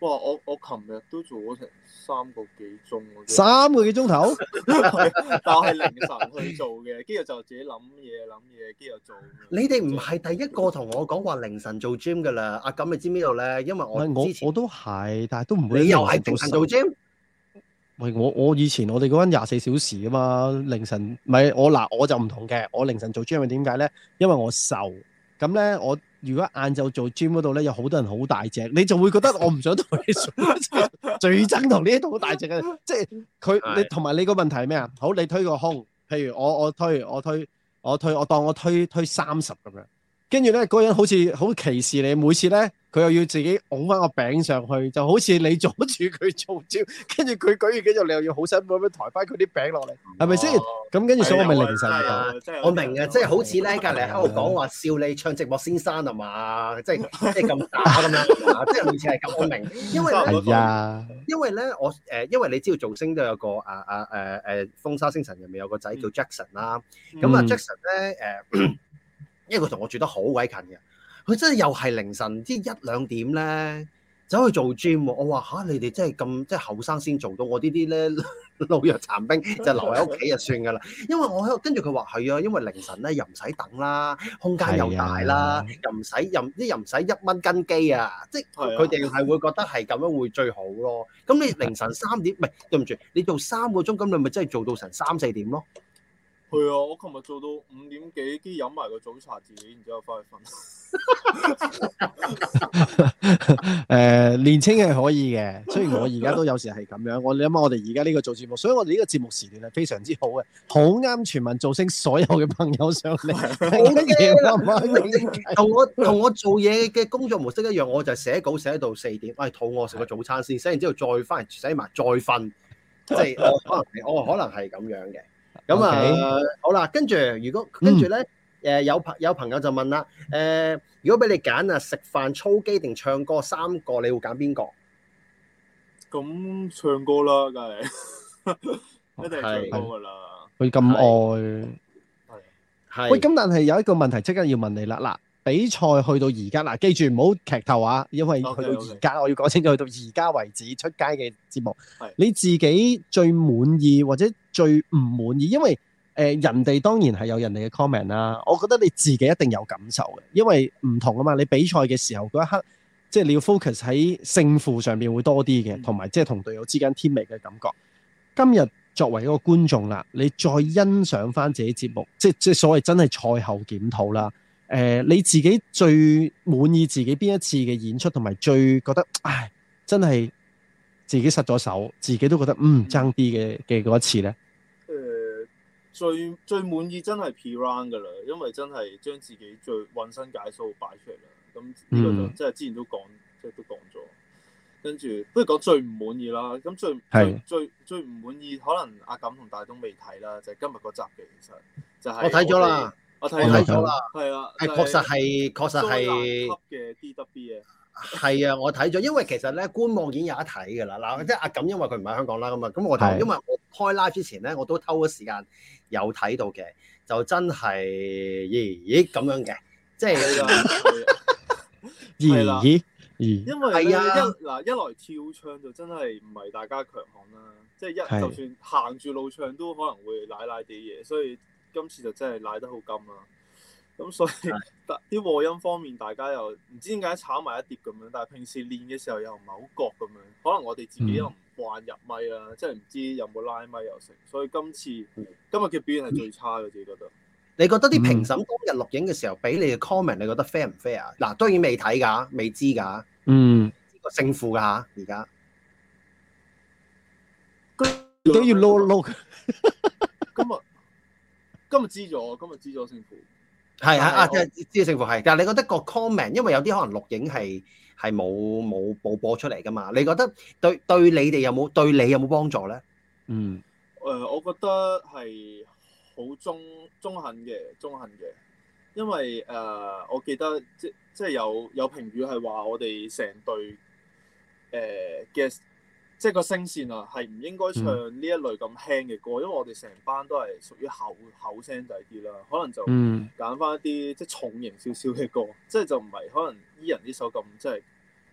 哇！我我琴日都做咗成三個幾鐘喎，三個幾鐘頭，但係凌晨去做嘅。跟住就自己諗嘢諗嘢，跟住做。你哋唔係第一個同我講話凌晨做 gym 㗎喇。啊，咁你知邊度咧？因為我我我都係，但係都唔會。你又係凌晨做 gym？喂，我我以前我哋嗰間廿四小時噶嘛，凌晨唔係我，嗱我就唔同嘅。我凌晨做 gym 係點解咧？因為我瘦咁咧我。如果晏晝做 gym 嗰度咧，有好多人好大隻，你就會覺得我唔想同你做， [LAUGHS] [LAUGHS] 最憎同呢度好大隻嘅，即係佢你同埋你個問題係咩啊？好，你推個胸，譬如我我推我推我推我當我推推三十咁樣，跟住咧嗰個人好似好歧視你，每次咧。佢又要自己拱翻個餅上去，就好似你阻住佢做招，跟住佢舉完跟住你又要好辛苦咁抬翻佢啲餅落嚟，係咪先？咁跟住所以我咪明晒啦，我明啊，即係好似咧隔籬喺度講話笑你唱寂寞先生吖嘛，即係即係咁打咁樣，即係好似係咁，我明，因為，因為咧我誒，因為你知道造星都有個啊啊誒誒，風沙星辰入面有個仔叫 Jackson 啦，咁啊 Jackson 咧誒，因為佢同我住得好鬼近嘅。佢真係又係凌晨，即一兩點咧，走去做 gym。我話嚇你哋真係咁，即後生先做到我呢啲咧老弱殘兵，就留喺屋企就算噶啦。因為我喺度跟住佢話係啊，因為凌晨咧又唔使等啦，空間又大啦，又唔使又啲又唔使一蚊斤機啊。即佢哋係會覺得係咁樣會最好咯。咁你凌晨三點唔係對唔住，你做三個鐘咁，你咪真係做到成三四點咯？係啊，我琴日做到五點幾，啲飲埋個早茶自己，然之後翻去瞓。誒， [LAUGHS] uh, 年青係可以嘅，雖然我而家都有時係咁樣，我諗下我哋而家呢個做節目，所以我哋呢個節目時段係非常之好嘅，好啱全民造星，所有嘅朋友上嚟。同我同我做嘢嘅工作模式一樣，我就寫稿寫到四點，喂、哎，肚餓食個早餐先，寫完之後再翻嚟寫埋再瞓，即係、 [LAUGHS] 就是、我可能我可能係咁樣嘅。咁啊、uh, Okay. 好啦，跟住如果跟住咧。Mm. 誒有朋有朋友就問啦，誒、呃、如果俾你揀啊，食飯、操機定唱歌三個，你會揀邊個？咁唱歌啦，梗係 [LAUGHS] 一定係唱歌噶啦。佢咁愛，係、係。喂，咁，但係有一個問題，即刻要問你啦。嗱，比賽去到而家嗱，記住唔好劇透啊，因為去到而家，okay, okay. 我要講清楚，去到而家為止出街嘅節目，的你自己最滿意或者最唔滿意，因為。誒、呃，人哋當然係有人哋嘅 comment 啦。我覺得你自己一定有感受嘅，因為唔同啊嘛。你比賽嘅時候嗰一刻，即係你要 focus 喺勝負上面會多啲嘅，同埋即係同隊友之間甜美嘅感覺。嗯、今日作為一個觀眾啦，你再欣賞翻自己節目，即係即係所謂真係賽後檢討啦。誒、呃，你自己最滿意自己邊一次嘅演出，同埋最覺得唉真係自己失咗手，自己都覺得嗯爭啲嘅嘅嗰一次呢？最最滿意真係 P Run 噶啦，因為真係將自己最渾身解數擺出嚟啦。咁呢個就即係、嗯、之前都講，即係都講咗。跟住不如講最唔滿意啦。咁最係最最最唔滿意，可能阿錦同大東未睇、就係就係、啦，就係今日嗰集嘅，其實就係我睇咗啦，我睇咗啦，係啦，係確實係確實係。係啊，我睇咗，因為其實咧官網已經有得睇㗎啦。嗱、啊，即係阿錦因為佢唔喺香港啦，咁啊，咁我睇，因為我開 live 之前咧，我都偷咗時間有睇到嘅，就真係咦咦咁樣嘅，即係呢個咦咦咦，因為一嗱一來跳唱就真係唔係大家強項啦、啊，即係一就算行住路唱都可能會奶奶哋嘢，所以今次就真係奶得好金啦、啊。咁、嗯、所以，但啲和音方面大家又唔知點解炒埋一碟咁樣，但係平時練嘅時候又唔係好覺咁樣。可能我哋自己又唔慣入咪啦、啊，嗯、即係唔知有冇拉咪又成。所以今次今日嘅表演係最差嘅。嗯、自己覺得。你覺得啲評審今日錄影嘅時候俾你嘅 comment，你覺得 fair 唔 fair？嗱、啊，當然未睇㗎，未知㗎、啊。嗯。個勝負㗎嚇、啊，而家。都要撈撈。今日今日知咗，今日知咗勝負。係啊對啊，即係我知，係勝負係，但係你覺得個 comment，因為有啲可能錄影係係冇冇冇播出嚟㗎嘛？你覺得對對你哋有冇對你有冇幫助咧？嗯，誒，我覺得係好中中肯嘅，中肯嘅，因為誒、呃，我記得即即係有有評語係話我哋成隊誒 g 即係個聲線啊，係唔應該唱呢一類咁輕嘅歌，因為我哋成班都係屬於厚厚聲仔啲啦，可能就揀翻一啲、嗯、即係重型少少嘅歌，即係就唔係可能伊人呢首咁即係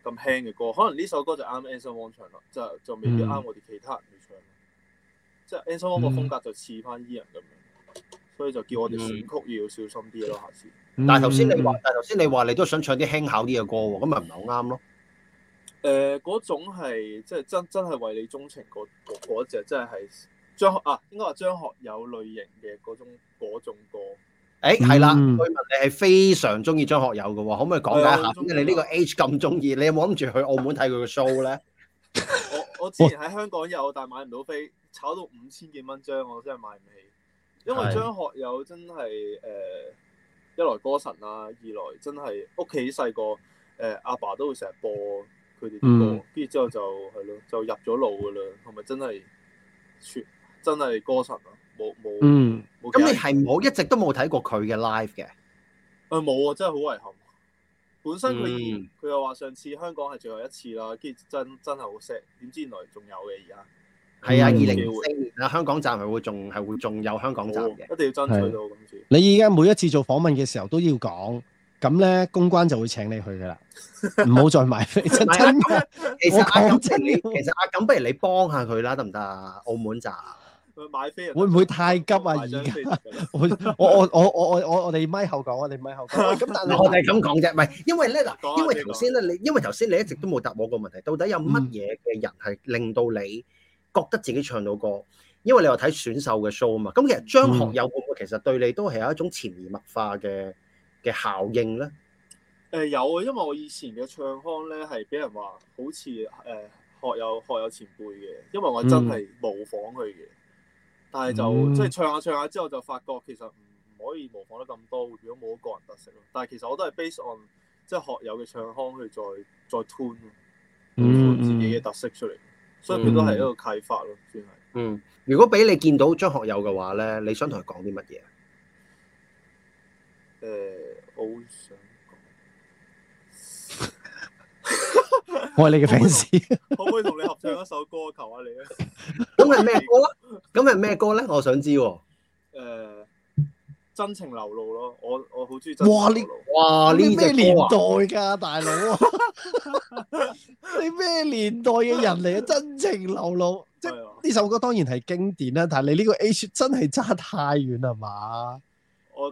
咁輕嘅歌，可能呢首歌就啱 Anson Wong 唱啦，嗯、就就未必啱我哋其他人去唱。嗯、即係 Anson Wong 個風格就似翻伊人咁樣，嗯、所以就叫我哋選曲要小心啲咯，下次。嗯、但係頭先你話，但係頭先你話你都想唱啲輕巧啲嘅歌喎，咁咪唔係好啱咯。誒嗰、呃、種係即係真真係為你鍾情嗰嗰隻，即係係張學啊，應該話張學友類型嘅嗰種、嗰種歌。誒係啦，佢、嗯、問你係非常中意張學友嘅喎，可唔可以講解下？中意、嗯、你呢個 age 咁中意，你有冇諗住去澳門睇佢嘅 show 咧 [LAUGHS] ？我我之前喺香港有，但係買唔到飛，炒到五千幾蚊張，我真係買唔起。因為張學友真係誒、呃、一來歌神啦，二來真係屋企細個誒阿爸都會成日播。佢哋嗯，跟住之後就係咯、就係，就入咗路㗎喇，係咪真係全真係歌神啊？冇冇嗯，咁有你係冇一直都冇睇過佢嘅 live 嘅？誒冇啊，啊，真係好遺憾，啊。本身佢佢又話上次香港係最後一次啦，跟住真真係好 sad，點知原來仲有嘅而家。係啊，二零年啊，香港站係會仲係會仲有香港站嘅，啊，一定要爭取到咁住。的你而家每一次做訪問嘅時候都要講。咁咧，公關就會請你去噶啦，唔好再買飛。唔係啊，其實阿錦，其實阿錦，不如你幫下佢啦，得唔得啊？澳門咋？買飛啊？會唔會太急啊？而家我我我我我我我哋咪後講啊，我哋咪後講。咁但係我哋係咁講啫，唔係因為咧，嗱，因為頭先咧，你因為頭先你一直都冇答我個問題，到底有乜嘢嘅人係令到你覺得自己唱到過？因為你話睇選秀嘅 show 啊嘛，咁其實張學友會唔會其實對你都係有一種潛移默化嘅。嘅效應咧，誒、呃、有啊，因為我以前嘅唱腔咧係俾人話好似誒、呃、學友學友前輩嘅，因為我真係模仿佢嘅。嗯、但係就即係、就是、唱下唱下之後，就發覺其實唔唔可以模仿得咁多，如果冇個人特色咯。但係其實我都係 base on 即係學友嘅唱腔去再再 tune，嗯自己嘅特色出嚟。嗯、所以佢都係一個啟發咯，算係。嗯。如果俾你見到張學友嘅話咧，你想同佢講啲乜嘢？誒、欸，我想 [LAUGHS] 我我，我係你嘅粉絲。可唔可以同你合唱一首歌求下你咧？咁係咩歌，咁係咩歌咧？我想知。誒、呃，真情流露咯，我我好中意。哇！呢哇呢咩年代噶，大佬啊？你咩年代嘅人嚟啊？真情流露，即係呢首歌當然係經典啦。但係你呢個 age 真係差太遠啦嘛？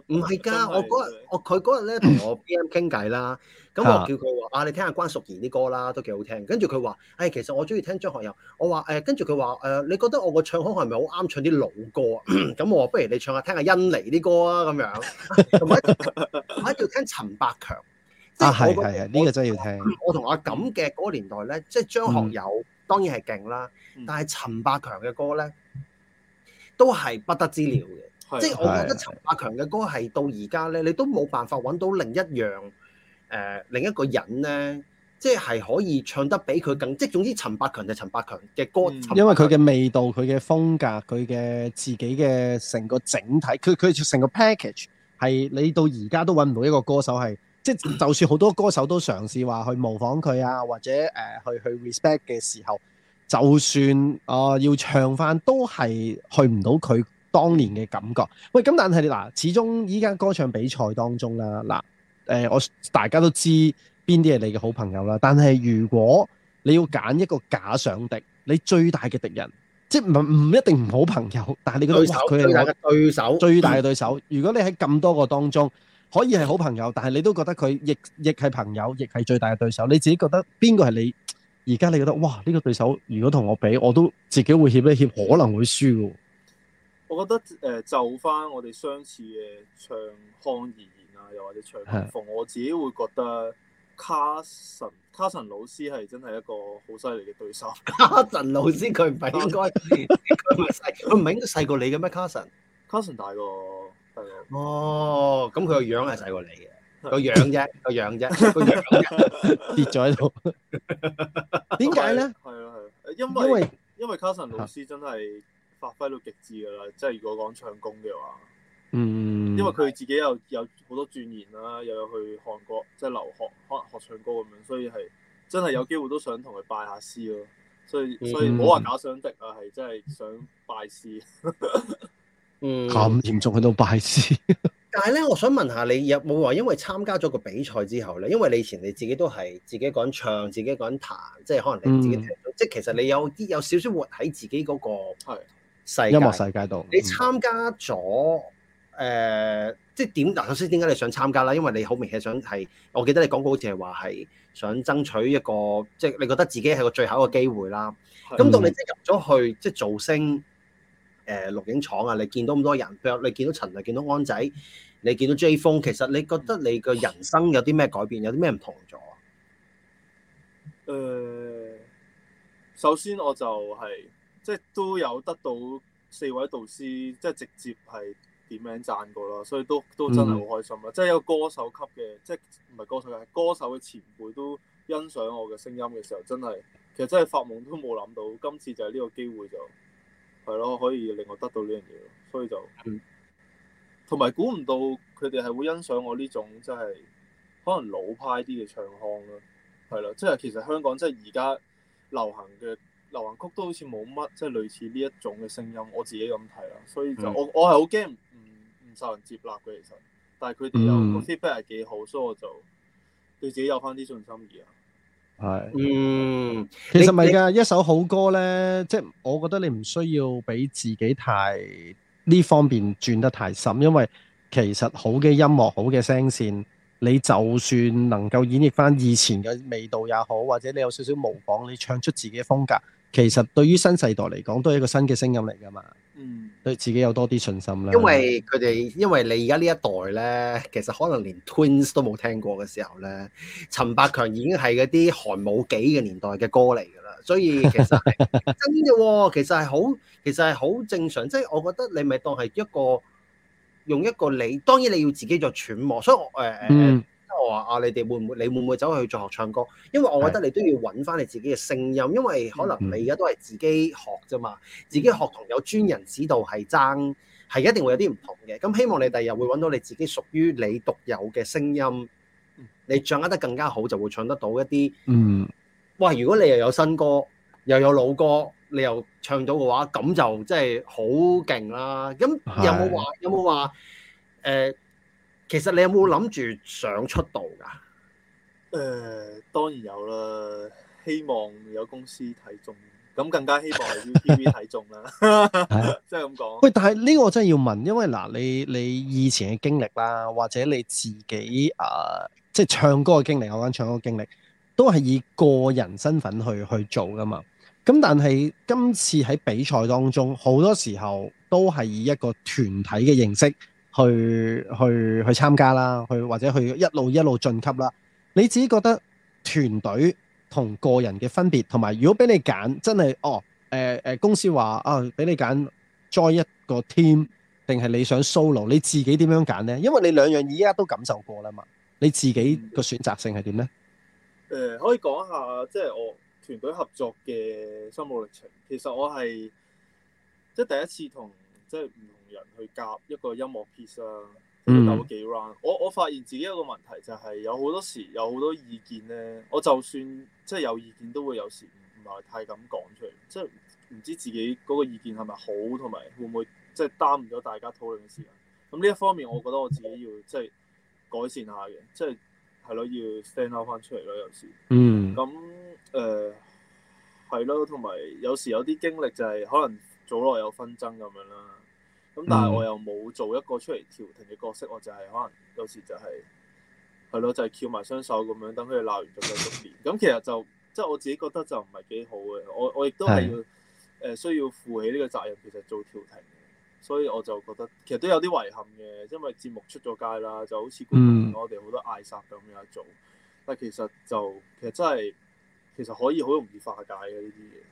唔係噶，我嗰日我佢嗰日咧同我 B M 傾偈啦，咁我叫佢話啊，你聽下關淑怡啲歌啦，都幾好聽。跟住佢話，誒、哎、其實我中意聽張學友。我話誒，跟住佢話誒，你覺得我個唱腔係咪好啱唱啲老歌？咁 [COUGHS] 我話不如你唱下聽下欣妮啲歌啊，咁樣。同埋 [LAUGHS] 我喺度聽陳百強，即係我覺得呢個真、啊這個、要聽。我同阿錦嘅嗰個年代咧，嗯、即係張學友當然係勁啦，但係陳百強嘅歌咧都係不得之了嘅。嗯嗯即係我覺得陳百強嘅歌係到而家咧，你都冇辦法揾到另一樣誒、呃、另一個人咧，即係係可以唱得比佢更，即係總之陳百強就係陳百強嘅歌，嗯、因為佢嘅味道、佢嘅風格、佢嘅自己嘅成個整體，佢佢成個 package 係你到而家都揾唔到一個歌手係，即係就算好多歌手都嘗試話去模仿佢啊，或者誒、呃、去去 respect 嘅時候，就算啊、呃、要唱翻都係去唔到佢。當年嘅感覺，喂，咁但係嗱，始終依家歌唱比賽當中啦，嗱，誒、呃，我大家都知邊啲係你嘅好朋友啦。但係如果你要揀一個假想敵，你最大嘅敵人，即係唔唔一定唔好朋友，但係你，你，你覺得、對手，哇，佢係最大嘅對手，最大嘅對手、嗯、最大嘅對手。如果你喺咁多個當中可以係好朋友，但係你都覺得佢亦亦係朋友，亦係最大嘅對手。你自己覺得邊個係你而家你覺得哇，呢、這個對手如果同我比，我都自己會怯一怯，可能會輸嘅。我覺得誒、呃、就翻我哋相似嘅唱腔而言啊，又或者唱風，的我自己會覺得卡神卡神老師係真係一個好犀利嘅對手。卡神老師佢唔係應該，佢唔係細，佢唔係應該細過你嘅咩？卡神的，卡神大喎。係啊 [LAUGHS] 哦， [LAUGHS] [LAUGHS] 咁佢個樣係細過你嘅，個樣啫，個樣啫，個樣跌咗喺度。點解咧？係啊係，因為因為卡神老師真係。發、啊、揮到極致㗎啦！即係如果講唱功嘅話，嗯，因為佢自己又有好多鑽研啦，又有去韓國即係留學，可能學唱歌咁樣，所以係真係有機會都想同佢拜下師咯。所以、嗯、所以唔好話假想敵啊，係真係想拜師。 [LAUGHS] 嗯，咁嚴重喺度拜師。 [LAUGHS] 但係咧，我想問下你有冇話，因為參加咗個比賽之後咧，因為你以前你自己都係自己講唱，自己講彈，即、就、係、是、可能你自己聽到、嗯、即係其實你有啲有少少活喺自己嗰、那個音樂世界度，你參加咗誒、嗯呃，即係點嗱？首先點解你想參加啦？因為你好明顯想係我記得你講過好似係話係想爭取一個即係你覺得自己係個最後一個機會啦。咁到的你進去去即入咗去即係造星誒錄影廠啊！你見到咁多人，譬如你見到陳蕾，見到安仔，你見到 Jfung，其實你覺得你個人生有啲咩改變？嗯、有啲咩唔同咗？誒、呃，首先我就係、是。即係都有得到四位導師，即係直接係點名讚過啦，所以都都真係好開心啦！即係有歌手級嘅，即係唔係歌手級，係歌手嘅前輩都欣賞我嘅聲音嘅時候，真係其實真係發夢都冇諗到，今次就係呢個機會就係咯，可以令我得到呢樣嘢，所以就同埋估唔到佢哋係會欣賞我呢種即係可能老派啲嘅唱腔咯，係啦，即係其實香港即係而家流行嘅。流行曲都好似冇乜即係類似呢一種嘅聲音，我自己咁睇啦，所以就我我係好驚唔唔受人接納嘅其實，但係佢哋又 feedback 係幾好，所以我就對自己有翻啲信心意。啊。係，嗯，嗯你其實咪係㗎，你一首好歌咧，即、就、係、是、我覺得你唔需要俾自己太呢方面轉得太深，因為其實好嘅音樂、好嘅聲線，你就算能夠演繹翻以前嘅味道也好，或者你有少少模仿，你唱出自己嘅風格。其實對於新世代嚟講，都係一個新嘅聲音嚟㗎嘛。嗯，對自己有多啲信心啦。因為佢哋，因為你而家呢一代咧，其實可能連 Twins 都冇聽過嘅時候咧，陳百強已經係嗰啲寒武紀嘅年代嘅歌嚟㗎啦。所以其實係真嘅、喔， [LAUGHS] 其實係好，其實係好正常。即係我覺得你咪當係一個用一個你，當然你要自己做揣摩。所以我誒、呃嗯我話：啊、哦，你哋會唔會？你會唔會走去再學唱歌？因為我覺得你都要揾翻你自己嘅聲音，的因為可能你而家都係自己學啫嘛。嗯嗯，自己學同有專人指導係爭，係一定會有啲唔同嘅。咁希望你第日會揾到你自己屬於你獨有嘅聲音，你掌握得更加好，就會唱得到一啲。嗯。哇！如果你又有新歌，又有老歌，你又唱到嘅話，咁就真係好勁啦。咁有冇話？的有冇話？誒、呃？其實你有冇諗住想出道噶？誒、呃，當然有啦，希望有公司睇中，咁更加希望係 ViuTV 睇中啦。係啦、 [LAUGHS] [LAUGHS] 啊，即係咁講。喂，但係呢個真係要問，因為嗱，你你以前嘅經歷啦，或者你自己誒，即、呃、係、就是、唱歌嘅經歷，我講唱歌嘅經歷，都係以個人身份去去做噶嘛。咁但係今次喺比賽當中，好多時候都係以一個團體嘅形式。去去去參加啦，去或者去一路一路晉級啦。你自己覺得團隊同個人嘅分別同埋如果俾你揀真係哦誒誒、呃呃、公司話啊俾你揀 join 一個 team 定係你想 solo，你自己點樣揀咧？因為你兩樣而家都感受過啦嘛，你自己個選擇性係點咧？誒、嗯呃、可以講下即係、就是、我團隊合作嘅心路歷程。其實我係即係第一次同。即係唔同人去夾一個音樂 piece 啊，mm. 夾幾 round。我我發現自己有個問題就係有好多時有好多意見咧。我就算即係有意見，都會有時唔唔係太敢講出嚟。即係唔知自己嗰個意見係咪好，同埋會唔會即係耽誤咗大家討論嘅時間。咁呢一方面，我覺得我自己要即係改善下嘅，即係係咯要 stand out 翻出嚟咯，有時。嗯、mm.。咁誒係咯，同埋有，有時有啲經歷就係可能。早耐有紛爭咁樣啦，咁但係我又冇做一個出嚟調停嘅角色，我就係可能有時就係係咯，就係翹埋雙手咁樣等佢哋鬧完再繼續練。咁其實就即係我自己覺得就唔係幾好嘅。我我亦都係要誒需要負是、呃、起呢個責任，其實做調停。所以我就覺得其實都有啲遺憾嘅，因為節目出咗街啦，就好似近年我哋好多嗌殺咁樣做，嗯、但其實就其實真係其實可以好容易化解嘅呢啲嘢。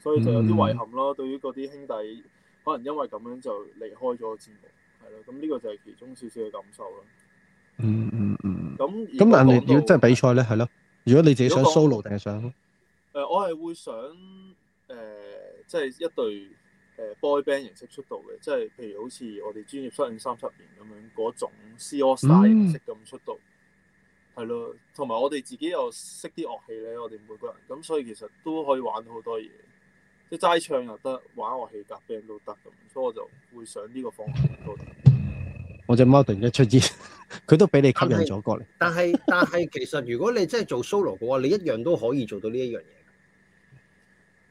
所以就有啲遺憾咯。嗯、對於嗰啲兄弟，可能因為咁樣就離開咗個節目，係咯。咁呢個就係其中少少嘅感受咯、嗯。嗯嗯嗯。咁咁，但係如果真係比賽咧，係咯。如果你自己想 solo 定係想？誒、呃，我係會想誒，即係一隊誒 boy band 形式出道嘅，即、就、係、是、譬如好似我哋專業訓練三十年咁樣嗰種 COSI、嗯、形式咁出道，係咯。同埋我哋自己又識啲樂器咧，我哋每個人咁，所以其實都可以玩好多嘢。即齋唱又得，玩樂器夾 Band 都得咁，所以我就會想呢個方向多啲。 [LAUGHS] 我隻貓突然一出現，佢 [LAUGHS] 都俾你吸引咗過嚟 [LAUGHS] 但係但係，其實如果你真係做 solo 嘅話，你一樣都可以做到呢一樣嘢。誒、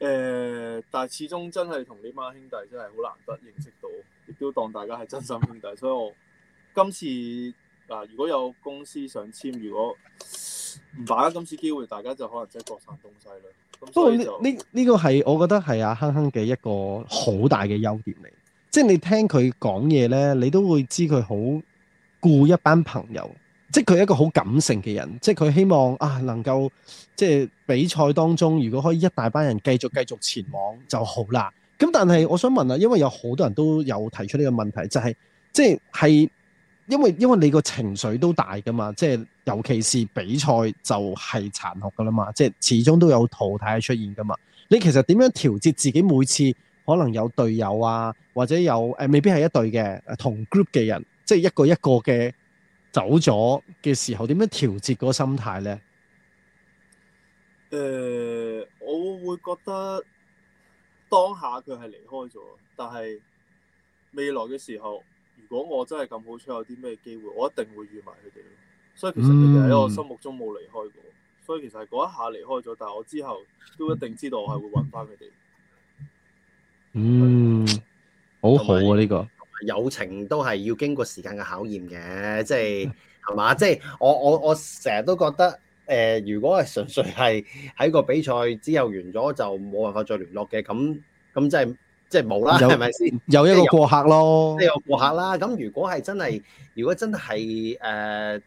[LAUGHS] 呃，但係始終真係同你貓兄弟真係好難得認識到，亦都當大家係真心兄弟，所以我今次嗱、呃，如果有公司想簽，如果唔把握今次機會，大家就可能真係各散東西啦。不過呢呢呢個係、這個、我覺得係阿亨亨嘅一個好大嘅優點嚟，即係你聽佢講嘢呢，你都會知佢好顧一班朋友，即係佢係一個好感性嘅人，即係佢希望啊能夠即係比賽當中，如果可以一大班人繼續繼續前往就好啦。咁但係我想問啊，因為有好多人都有提出呢個問題，就係、是、即係係。因為因為你個情緒都大噶嘛，即係尤其是比賽就係殘酷噶啦嘛，即係始終都有淘汰係出現噶嘛。你其實點樣調節自己，每次可能有隊友啊，或者有誒、呃、未必係一隊嘅同 group 嘅人，即係一個一個嘅走咗嘅時候，點樣調節個心態呢？誒、呃，我會覺得當下佢係離開咗，但係未來嘅時候。如果我真係咁好彩，有啲咩機會，我一定會遇埋佢哋。所以其實佢哋喺我心目中冇離開過。嗯、所以其實係嗰一下離開咗，但係我之後都一定知道我係會揾翻佢哋。嗯，好好啊，呢有、這個友情都係要經過時間嘅考驗嘅，即係係嘛？即係、 [LAUGHS] 就是、我我我成日都覺得誒、呃，如果係純粹係喺個比賽之後完咗就冇辦法再聯絡嘅，咁咁真係。即係冇啦，係咪先？係係有，有一個過客咯，呢個過客啦。咁如果係真係，如果真係誒、呃、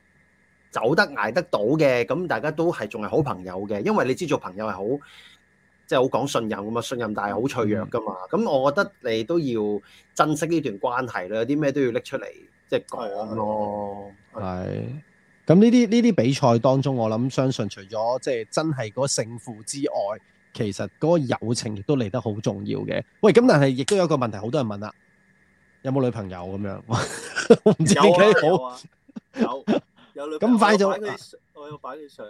走得捱得到嘅，咁大家都係仲係好朋友嘅。因為你知做朋友係好，即係好講信任噶嘛，信任但係好脆弱噶嘛。咁、嗯、我覺得你都要珍惜呢段關係啦。啲咩都要拎出嚟即係講咯。係。係。咁呢啲呢啲比賽當中，我諗相信除咗即係真係嗰勝負之外。其實嗰個友情亦都嚟得好重要嘅。喂，咁但係亦都有個問題，好多人問啦，有冇女朋友咁樣？我唔知你講啊。有有女朋友。咁快就我有擺啲相。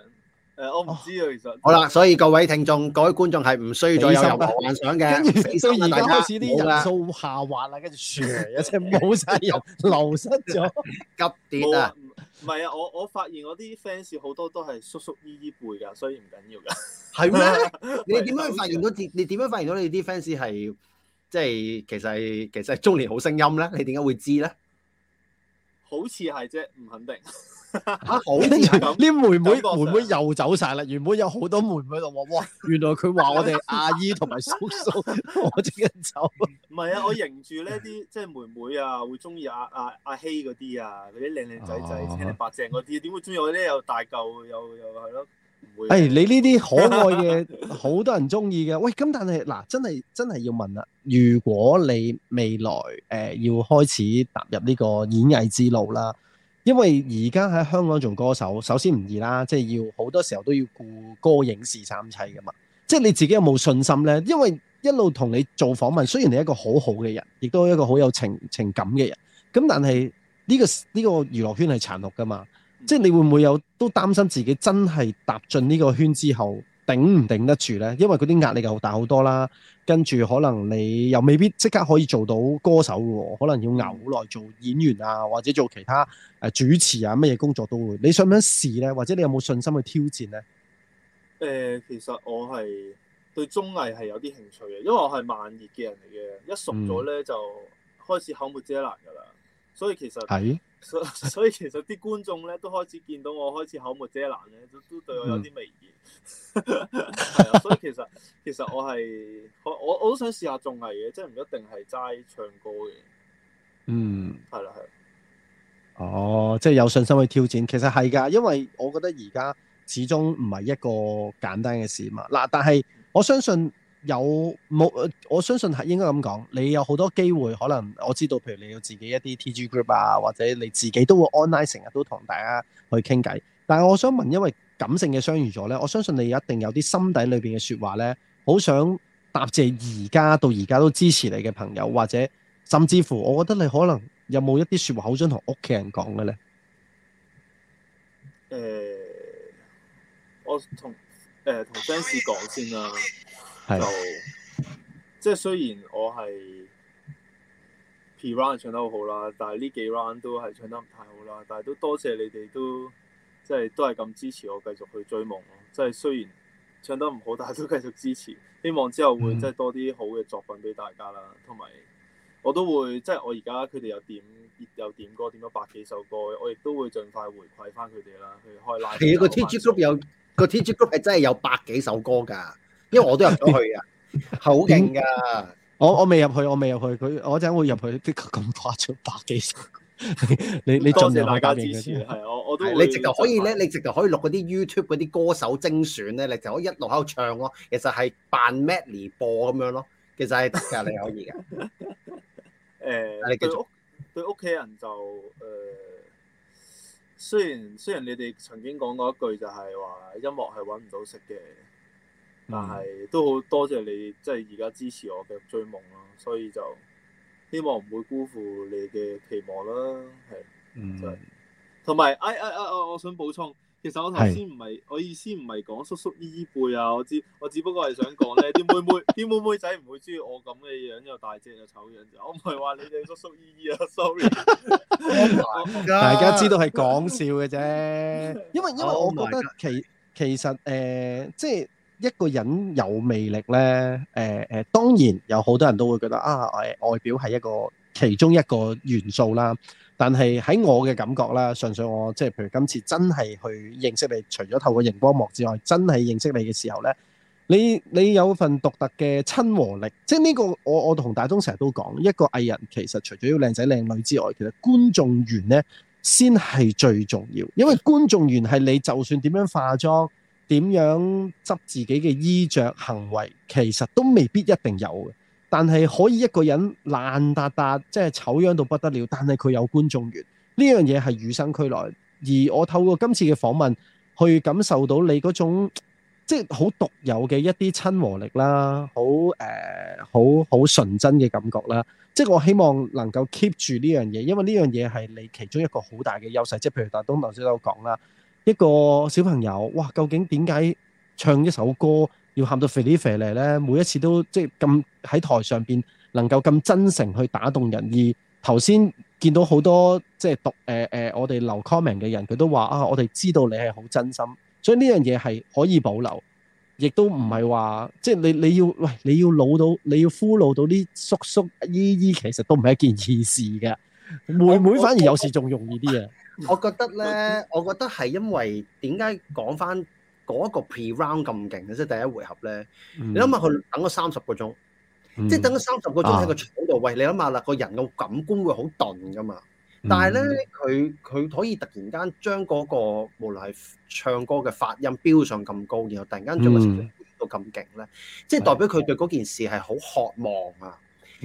誒，我唔知啊，其實。好啦，所以各位聽眾，各位觀眾係唔需要再有任何幻想嘅。跟住而家開始啲人數下滑啦，跟住一直冇曬人，流失咗，急跌啊！唔係啊，我我發現我啲 fans 好多都係叔叔姨姨輩㗎，所以唔緊要㗎。係 [LAUGHS] 咩？你點樣發現到？ [LAUGHS] 唔係啊、你點樣發現到你啲 fans 係即係其實係其實係中年好聲音咧？你點解會知咧？好似係啫，唔肯定。嚇、 [LAUGHS] 啊，好啲 [LAUGHS] 妹妹妹妹又走晒啦。原本有好多妹妹，就話：哇，原來佢話我哋阿姨同埋叔叔，我即刻走。唔係 [LAUGHS] 啊，我迎住呢啲，即係妹妹啊，會中意阿阿阿希嗰啲啊，嗰啲靚靚仔仔、啊、青靚白淨嗰啲，點會中意我咧？又大嚿，又又係咯。誒，你呢啲可愛嘅，好多人中意嘅。喂，咁但係嗱，真係真係要問啦。如果你未來誒、呃、要開始踏入呢個演藝之路啦，因為而家喺香港做歌手，首先唔易啦，即係要好多時候都要顧歌影視三棲噶嘛。即係你自己有冇信心呢？因為一路同你做訪問，雖然你係一個好好嘅人，亦都係一個好有情情感嘅人，咁但係呢個呢個娛樂圈係殘酷噶嘛。即係你會唔會有都擔心自己真係踏進呢個圈之後頂唔頂得住呢？因為嗰啲壓力又大好多啦，跟住可能你又未必即刻可以做到歌手嘅、哦，可能要熬好耐做演員啊，或者做其他誒主持啊，乜嘢工作都會。你想唔想試呢？或者你有冇信心去挑戰呢？誒、呃，其實我係對綜藝係有啲興趣嘅，因為我係慢熱嘅人嚟嘅，一熟咗呢，嗯、就開始口沒遮攔噶啦，所以其實係。所 [LAUGHS] 所以其實啲觀眾咧都開始見到我開始口沒遮攔咧，都都對我有啲微言。係啊，嗯， [LAUGHS] [LAUGHS] 所以其實其實我係我我我都想試下綜藝嘅，即係唔一定係齋唱歌嘅。嗯，係啦，係。哦，即係有信心去挑戰，其實係㗎，因為我覺得而家始終唔係一個簡單嘅事嘛。嗱，但係我相信。有冇？我相信係應該咁講。你有好多機會，可能我知道，譬如你有自己一啲 TG group 啊，或者你自己都會 online 成日都同大家去傾偈。但係我想問，因為感性嘅相遇咗呢，我相信你一定有啲心底裏邊嘅說話呢，好想答謝而家，到而家都支持你嘅朋友，或者甚至乎，我覺得你可能有冇一啲說話好想同屋企人講嘅呢？誒、欸，我同誒同 fans 講先啦。是 [LAUGHS] 就即係、就是、雖然我係 P Run 唱得好好啦，但係呢幾 round 都係唱得唔太好啦。但係都多謝你哋都即係、就是、都係咁支持我繼續去追夢咯。即、就、係、是、雖然唱得唔好，但係都繼續支持。希望之後會即係多啲好嘅作品俾大家啦。同埋、嗯、我都會即係、就是、我而家佢哋有點有點歌點咗百幾首歌，我亦都會盡快回饋翻佢哋啦。去開拉係啊，個 T G Group 有、那個 T G Group 係真係有百幾首歌噶。因為我都入咗去啊，係好勁噶！我我未入去，我未入去。佢我嗰陣會入去，的確咁誇張，百幾十。 [LAUGHS] 你你多謝大家支持，係 [LAUGHS] 我我都會。你直頭可以咧，你直頭可以錄嗰啲 YouTube 嗰啲歌手精選咧，你就可以一路喺度唱咯。其實係扮 Melody 播咁樣咯。其實係得㗎，你可以嘅。你繼續。對屋對屋企人就誒，雖然雖然你哋曾經講過一句，就係話音樂係搵唔到食嘅。但係都好多謝你，即係而家支持我嘅追夢囉，所以就希望唔會辜負你嘅期望啦，係。嗯。同埋，啊啊啊！我想補充，其實我頭先唔係，是我意思唔係講叔叔姨姨輩啊，我知，我只不過係想講咧啲妹妹，啲妹妹仔唔會中意我咁嘅樣，又大隻又醜樣。就我唔係話你哋叔叔姨姨啊，sorry。大家知道係講笑嘅啫， [LAUGHS] 因為因為我覺得其其實誒、呃，即係。一個人有魅力呢，誒誒，當然有好多人都會覺得啊，誒，外表係一個其中一個元素啦。但係喺我嘅感覺啦，純粹我即係譬如今次真係去認識你，除咗透過熒光幕之外，真係認識你嘅時候呢，你你有份獨特嘅親和力，即係呢個我我同大東成日都講，一個藝人其實除咗要靚仔靚女之外，其實觀眾緣呢先係最重要，因為觀眾緣係你就算點樣化妝。點樣執自己嘅衣着行為，其實都未必一定有嘅。但係可以一個人爛達達，即係醜樣到不得了，但係佢有觀眾緣。呢樣嘢係與生俱來。而我透過今次嘅訪問，去感受到你嗰種即係好獨有嘅一啲親和力啦，好誒，好好純真嘅感覺啦。即係我希望能夠 keep 住呢樣嘢，因為呢樣嘢係你其中一個好大嘅優勢。即係譬如大東頭先都講啦。一個小朋友，哇！究竟點解唱一首歌要喊到啡喱啡喱咧？每一次都即係咁喺台上邊能夠咁真誠去打動人意。頭先見到好多即係讀誒誒、呃呃，我哋留 comment 嘅人，佢都話啊，我哋知道你係好真心，所以呢樣嘢係可以保留，亦都唔係話即係你你要喂，你要老到你要俘虜到啲叔叔姨姨，其實都唔係一件易事嘅。妹妹反而有時仲容易啲啊！ [LAUGHS] 我覺得咧，我覺得係因為點解講返嗰個 pre round 咁勁，即係第一回合咧？嗯、你諗下佢等咗三十個鐘，嗯、即係等咗三十個鐘喺個廠度，喂。你諗下啦，個人嘅感官會好鈍㗎嘛。但係咧，佢佢、嗯、可以突然間將嗰、嗰個無論係唱歌嘅發音標上咁高，然後突然間將個情緒變到咁勁咧，即係、嗯、代表佢對嗰件事係好渴望啊！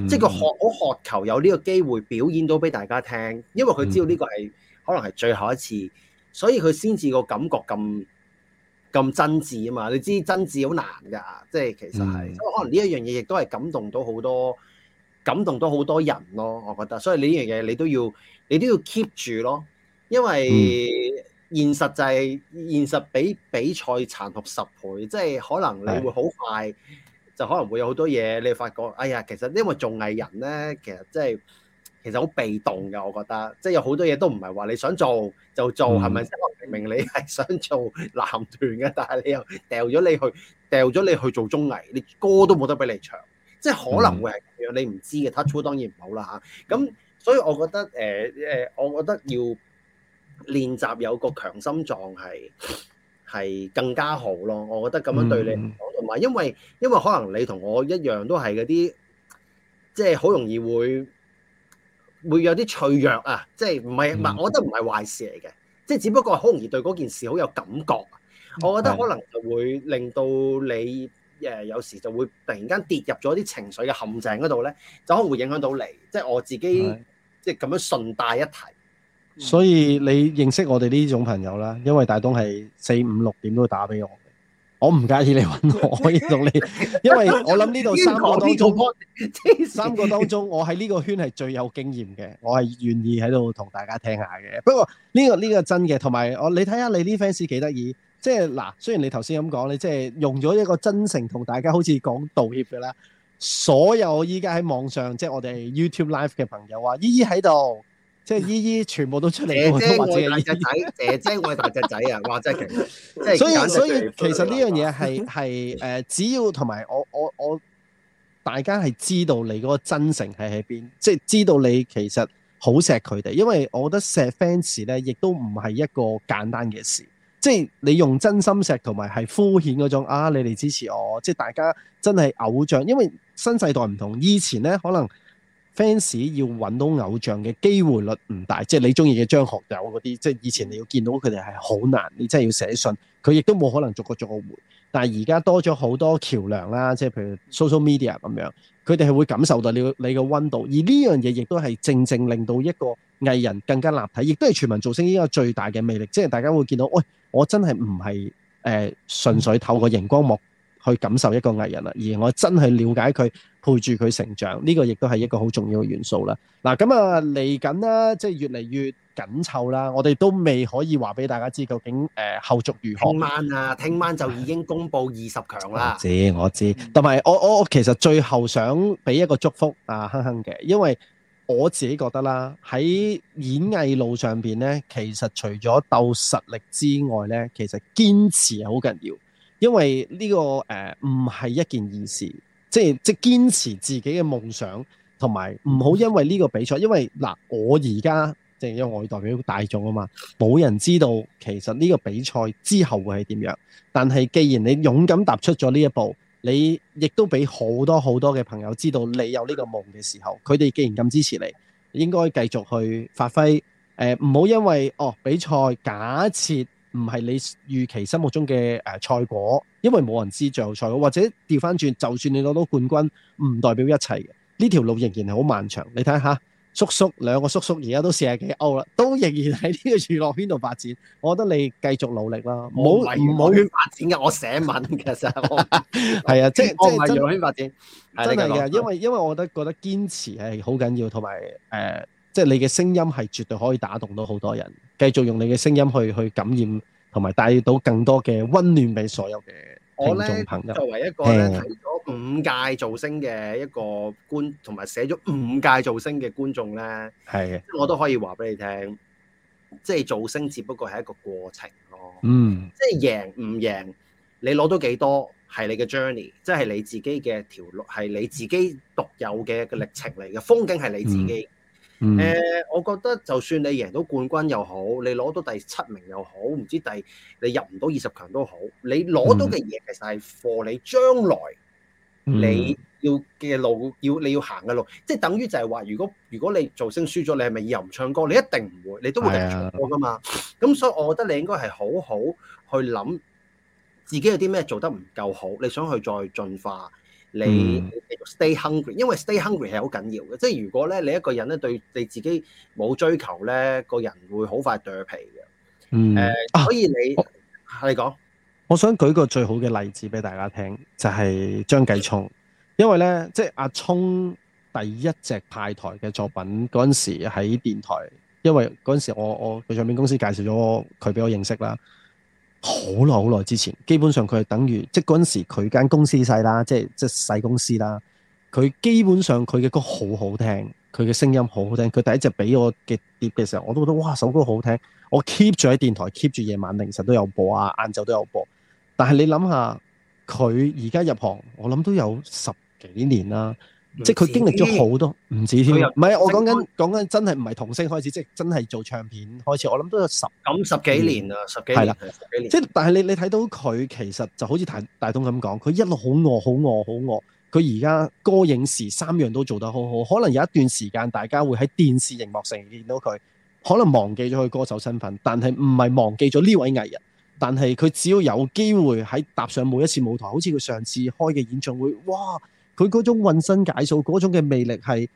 即佢個好渴求有呢個機會表演到俾大家聽，因為佢知道呢個係。可能係最後一次，所以佢先至個感覺咁咁真摯啊嘛！你知真摯好難噶，即係其實係，嗯、所以可能呢一樣嘢亦都係感動到好多，感動到好多人咯。我覺得，所以呢樣嘢你都要，你都要 keep 住咯。因為現實就係現實，比比賽殘酷十倍，即係可能你會好快、嗯、就可能會有好多嘢，你發覺，哎呀，其實因為做藝人咧，其實即係～其實好被動嘅，我覺得，即係有好多嘢都唔係話你想做就做，係咪、嗯？明明你係想做男團嘅，但係你又掉咗你去，掉咗你去做綜藝，你歌都冇得俾你唱，即係可能會係一樣，你唔知嘅 touch，、嗯、當然唔好啦嚇。咁所以我覺得，誒、呃、誒，我覺得要練習有個強心臟係係更加好咯。我覺得咁樣對你唔好，同埋、嗯、因為因為可能你同我一樣都係嗰啲，即係好容易會。會有啲脆弱啊，即係唔係唔係，我覺得唔係壞事嚟嘅，即係只不過好容易對嗰件事好有感覺，我覺得可能就會令到你誒有時就會突然間跌入咗啲情緒嘅陷阱嗰度咧，就可能會影響到你。即係我自己的即係咁樣順帶一提。所以你認識我哋呢種朋友啦，因為大東係四五六點都打俾我。我唔介意你揾我， [LAUGHS] 我可以同你，因為我諗呢度三個當中，三個當中，我喺呢個圈係最有經驗嘅，我係願意喺度同大家聽下嘅。不過呢個呢個真嘅，同埋我你睇下你啲 fans 幾得意，即係嗱，雖然你頭先咁講，你即係用咗一個真誠同大家好似講道歉嘅啦。所有依家喺網上即係、就是、我哋 YouTube Live 嘅朋友啊，依依喺度。即係依依全部都出嚟，姐姐我係大隻仔，姐姐我係大隻仔啊！所以所以其實呢樣嘢係係誒，只要同埋我我我大家係知道你嗰個真誠係喺邊，即係知道你其實好錫佢哋，因為我覺得錫 fans 咧，亦都唔係一個簡單嘅事，即係你用真心錫同埋係敷衍嗰種啊！你哋支持我，即係大家真係偶像，因為新世代唔同，以前咧可能。fans 要揾到偶像嘅機會率唔大，即係你中意嘅張學友嗰啲，即係以前你要見到佢哋係好難，你真係要寫信，佢亦都冇可能逐個做逐個回。但係而家多咗好多橋梁啦，即係譬如 social media 咁樣，佢哋係會感受到你你嘅溫度，而呢樣嘢亦都係正正令到一個藝人更加立體，亦都係全民造星呢個最大嘅魅力。即係大家會見到，喂、哎，我真係唔係誒純粹透過螢光幕去感受一個藝人啦，而我真係了解佢。陪住佢成長，呢、這個亦都係一個好重要嘅元素啦。嗱、啊，咁啊嚟緊啦，即係越嚟越緊湊啦。我哋都未可以話俾大家知究竟誒、呃、後續如何。聽晚啊，聽晚就已經公布二十強啦。知我知，同埋我、嗯、我，我其實最後想俾一個祝福啊，亨亨嘅，因為我自己覺得啦，喺演藝路上邊呢，其實除咗鬥實力之外呢，其實堅持係好緊要，因為呢、這個誒唔係一件易事。即係即係堅持自己嘅夢想，同埋唔好因為呢個比賽，因為嗱我而家即係因為我代表大眾啊嘛，冇人知道其實呢個比賽之後會係點樣。但係既然你勇敢踏出咗呢一步，你亦都俾好多好多嘅朋友知道你有呢個夢嘅時候，佢哋既然咁支持你，應該繼續去發揮。誒唔好因為哦比賽，假設唔係你預期心目中嘅誒賽果。因為冇人知最後賽果，或者調翻轉，就算你攞到冠軍，唔代表一切嘅。呢條路仍然係好漫長。你睇下，叔叔兩個叔叔而家都四十幾歐啦，都仍然喺呢個娛樂圈度發展。我覺得你繼續努力啦，唔好唔好去發展嘅。我寫文其實係啊，即係即係真係去發展，真係啊。因為因為我覺得覺得堅持係好緊要，同埋誒，即係你嘅聲音係絕對可以打動到好多人。繼續用你嘅聲音去去感染。同埋帶到更多嘅溫暖俾所有嘅觀眾朋友，我呢，作為一個咧，睇咗的五屆造星嘅一個觀，同埋寫咗五屆造星嘅觀眾咧，係的我都可以話俾你聽，即係造星只不過係一個過程咯。嗯，即係贏唔贏，你攞到幾多，係你嘅 journey，即係你自己嘅條路，係你自己獨有嘅一個歷程嚟嘅，風景係你自己。嗯誒、嗯呃，我覺得就算你贏到冠軍又好，你攞到第七名又好，唔知第你入唔到二十強都好，你攞到嘅嘢其實係 for 你將來你要嘅路，嗯、要你要行嘅路，即係等於就係話，如果如果你造星輸咗，你係咪以後唔唱歌？你一定唔會，你都會繼續唱歌噶嘛。咁的所以，我覺得你應該係好好去諗自己有啲咩做得唔夠好，你想去再進化。你 stay hungry，因為 stay hungry 係好緊要嘅。即係如果咧，你一個人咧對你自己冇追求咧，個人會好快掉皮嘅。嗯，誒、呃，所以你、啊、你講，我想舉個最好嘅例子俾大家聽，就係張繼聰，因為咧，即係阿聰第一隻派台嘅作品嗰陣時喺電台，因為嗰陣時我我唱片公司介紹咗佢俾我認識啦。好耐好耐之前，基本上佢係等於，即嗰陣時佢間公司細啦，即即細公司啦。佢基本上佢嘅歌好好聽，佢嘅聲音好好聽。佢第一隻俾我嘅碟嘅時候，我都覺得哇，首歌好好聽。我 keep 住喺電台，keep 住夜晚凌晨都有播啊，晏晝都有播。但係你諗下，佢而家入行，我諗都有十幾年啦。即係佢經歷咗好多，唔止添。唔係，我講緊講緊真係唔係童星開始，即係真係做唱片開始。我諗都有十咁十幾年啦，嗯、十幾年係啦，十幾年，即係但係你你睇到佢其實就好似大大東咁講，佢一路好餓，好餓，好餓。佢而家歌、影、視三樣都做得好好。可能有一段時間大家會喺電視熒幕上見到佢，可能忘記咗佢歌手身份，但係唔係忘記咗呢位藝人。但係佢只要有機會喺踏上每一次舞台，好似佢上次開嘅演唱會，哇！佢嗰種渾身解數嗰種嘅魅力係，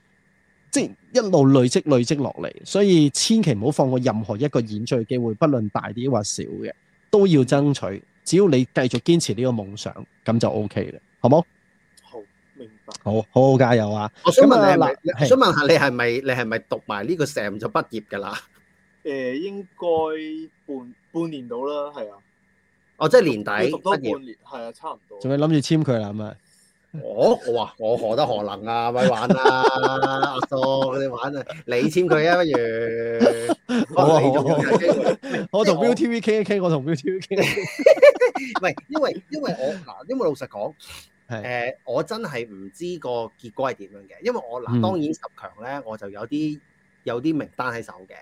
即係一路累積累積落嚟，所以千祈唔好放過任何一個演戲機會，不論大啲或少嘅，都要爭取。只要你繼續堅持呢個夢想，咁就 OK 啦，好冇？好明白好，好好加油啊！我想問你係咪？想問下你係咪是？你係咪讀埋呢個 sem 就畢業嘅啦？誒、呃，應該半半年到啦，係啊。哦，即、就、係、是、年底讀讀多半年，係業啊，差唔多。仲要諗住簽佢啦，係咪？哦、我我話我何德何能啊，咪玩啦，啊， [LAUGHS] 阿嫂你玩啊，你簽佢啊不如， [LAUGHS] 好我同 Viu TV 傾一傾，我同 Viu TV 傾一傾。喂， [LAUGHS] [LAUGHS] [LAUGHS] 因為因為我嗱，因為老實講，誒、 [LAUGHS] 呃，我真係唔知個結果係點樣嘅，因為我嗱，當然十強咧，我就有啲有啲名單喺手嘅。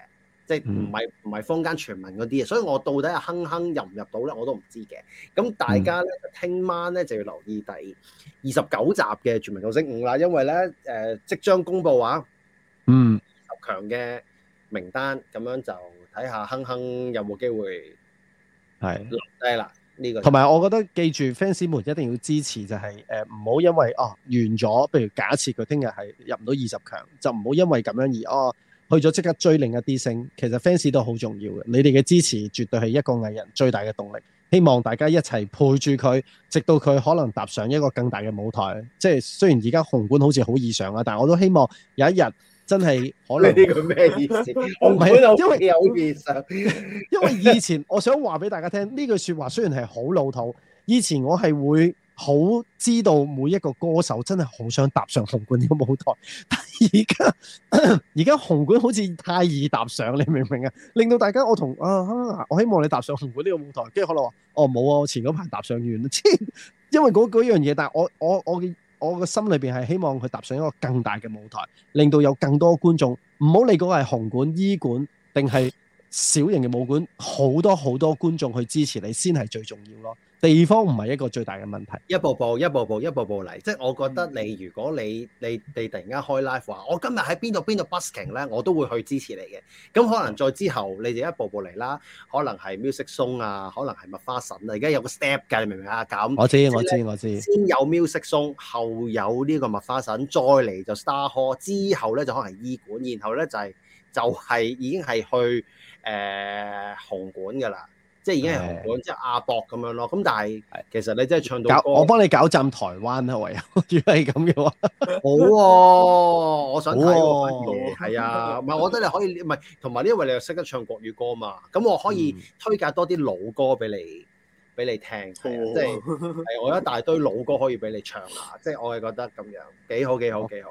即係唔係唔係坊間傳聞嗰啲啊，所以我到底係亨亨入唔入到咧，我都唔知嘅。咁大家咧，聽晚咧就要留意第二十九集嘅全民造星 V 啦，因為咧誒、呃、即將公佈啊，嗯二十強嘅名單，咁樣就睇下亨亨有冇機會留低啦呢個，就是。同埋我覺得記住 fans 們一定要支持，就是，就係誒唔好因為哦完咗，譬如假設佢聽日係入唔到二十強，就唔好因為咁樣而哦。去咗即刻追另一啲星，其實 fans 都好重要嘅。你哋嘅支持絕對係一個藝人最大嘅動力。希望大家一齊陪住佢，直到佢可能踏上一個更大嘅舞台。即係雖然而家紅館好似好異常啊，但我都希望有一日真係可能。呢個咩意思？我唔係 [LAUGHS] 因為 [LAUGHS] 因為以前我想話俾大家聽，呢句説話雖然係好老土，以前我係會。好知道每一個歌手真係好想踏上紅館呢個舞台，但而家而家紅館好似太易踏上，你明唔明啊？令到大家，我同啊，我希望你踏上紅館呢個舞台，跟住可能話哦冇啊，我前嗰排踏上完， [LAUGHS] 因為嗰嗰樣嘢，但係我我我我嘅心裏邊係希望佢踏上一個更大嘅舞台，令到有更多觀眾唔好理嗰個係紅館、醫館定係小型嘅舞館，好多好多觀眾去支持你先係最重要咯。地方唔係一個最大嘅問題，一步步，一步步一步步一步步嚟，即係我覺得你如果你你哋突然間開 live 話，我今日喺邊度邊度 busking 咧，我都會去支持你嘅。咁可能再之後，你哋一步步嚟啦，可能係 Music Zone 啊，可能係麥花臣啊，而家有個 step 㗎，你明唔明啊？咁我知我知我知，先有 Music Zone，後有呢個麥花臣，再嚟就 Star Hall，之後咧就可能係伊館，然後咧就係、是、就係、是、已經係去誒、呃、紅館㗎啦。即係已經係講即係阿博咁樣咯，咁但係其實你真係唱到歌搞，我幫你搞浸台灣啦，唯有如果係咁嘅話，好喎，我想睇喎，係、oh. 啊，唔係， [LAUGHS] 我覺得你可以唔係，同埋呢因為你又識得唱國語歌嘛，咁我可以推介多啲老歌俾你，俾你聽，即係我一大堆老歌可以俾你唱下，即係 [LAUGHS] 我係覺得咁樣幾好幾好幾好。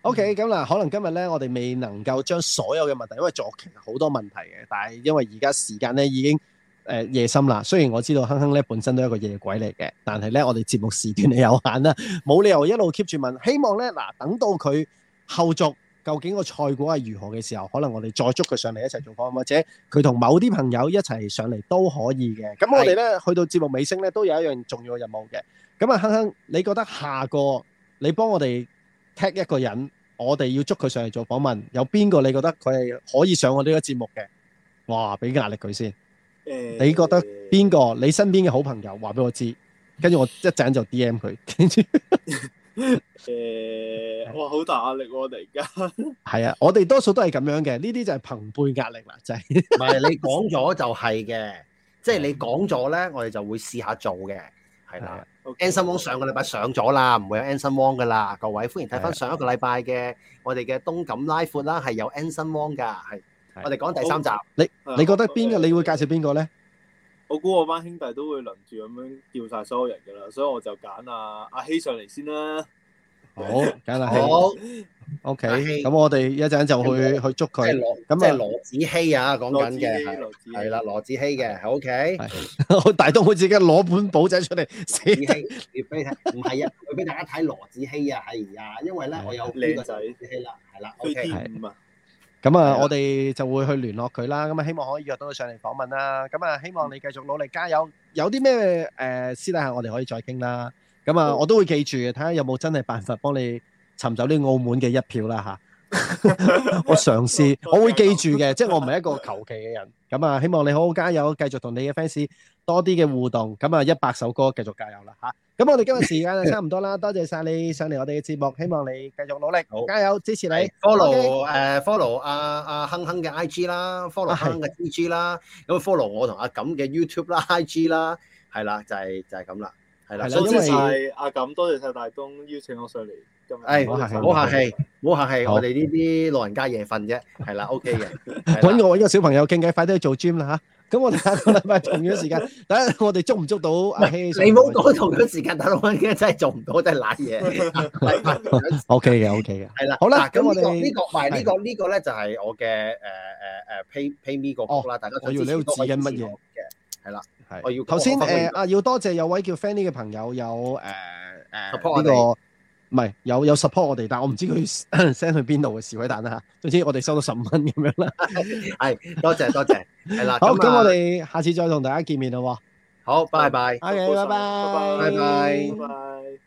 O K，咁嗱，可能今日咧，我哋未能夠將所有嘅問題，因為作其好多問題嘅，但係因為而家時間咧已，已經。誒、呃、夜深啦，雖然我知道亨亨咧本身都係一個夜鬼嚟嘅，但係咧我哋節目時段係有限啦，冇理由一路 keep 住問。希望咧嗱，等到佢後續究竟個賽果係如何嘅時候，可能我哋再捉佢上嚟一齊做訪問，或者佢同某啲朋友一齊上嚟都可以嘅。咁我哋咧是去到節目尾聲咧，都有一樣重要嘅任務嘅。咁啊，亨亨，你覺得下個你幫我哋踢一個人，我哋要捉佢上嚟做訪問，有邊個你覺得佢係可以上我呢個節目嘅？哇！俾壓力佢先。你覺得邊個？你身邊嘅好朋友話俾我知，跟住我一陣就 DM 佢。跟住，誒，哇，好大壓力，我哋而家係啊，我哋多數都係咁樣嘅，呢啲就係朋輩壓力啦，就係。唔係你講咗就係嘅，即係你講咗咧，我哋就會試下做嘅，係啦。Anson Wong 上個禮拜上咗啦，唔會有 Anson Wong 㗎啦，各位歡迎睇翻上一個禮拜嘅我哋嘅東感拉闊啦，係有 Anson Wong 噶，係。我哋講第三集，你你覺得邊個，你會介紹邊個咧？我估我班兄弟都會輪住咁樣叫晒所有人噶啦，所以我就揀阿阿希上嚟先啦。好，揀阿希。好，OK。咁我哋一陣就去去捉佢。即係羅，即係羅子希啊！講緊嘅係啦，羅子希嘅係 OK。大都會自己攞本簿仔出嚟。子希，我俾你睇。唔係啊，我俾大家睇羅子希啊，係啊，因為咧我有呢個仔啦，係啦，OK。係。最 T 五啊！咁啊，我哋就會去聯絡佢啦。咁啊，希望可以約到佢上嚟訪問啦。咁啊，希望你繼續努力加油。有啲咩誒私底下，我哋可以再傾啦。咁啊，我都會記住嘅，睇下有冇真係辦法幫你尋找啲澳門嘅一票啦嚇。我嘗試，我會記住嘅，即係我唔係一個求其嘅人。咁啊，希望你好好加油，繼續同你嘅 fans。多啲嘅互動，咁啊，一百首歌繼續加油啦吓！咁我哋今日時間就差唔多啦，多謝晒你上嚟我哋嘅節目，希望你繼續努力，加油支持你，follow 誒 follow 阿阿亨亨嘅 I G 啦，follow 亨嘅 T G 啦，咁 follow 我同阿錦嘅 YouTube 啦、I G 啦，係啦，就係就係咁啦，係啦，多謝阿錦，多謝晒大東邀請我上嚟誒，唔好客氣，唔好客氣，唔好客氣，我哋呢啲老人家夜瞓啫，係啦，OK 嘅，搵我一個小朋友傾偈，快啲去做 gym 啦吓。咁我哋下個禮拜同樣時間，睇下我哋捉唔捉到阿希。你冇到同樣時間打六蚊雞真係做唔到，真係瀨嘢。O K 嘅，O K 嘅。係啦，好啦。咁我哋呢個，同埋呢個，呢個咧就係我嘅誒誒誒 Pay Pay Me 個 page 啦。大家要你要知緊乜嘢？係啦，係。我要頭先誒，阿耀多謝有位叫 Fanny 嘅朋友有誒誒呢個。唔係有有 support [NOISE] 我哋。但係我唔知佢 send [LAUGHS] 去邊度嘅示威彈啦吓。總之我哋收到十五蚊咁樣啦。係，多謝多謝。係啦， [LAUGHS] 好，咁我哋下次再同大家見面咯。好，拜拜。Okay，拜拜。拜拜，okay。拜拜。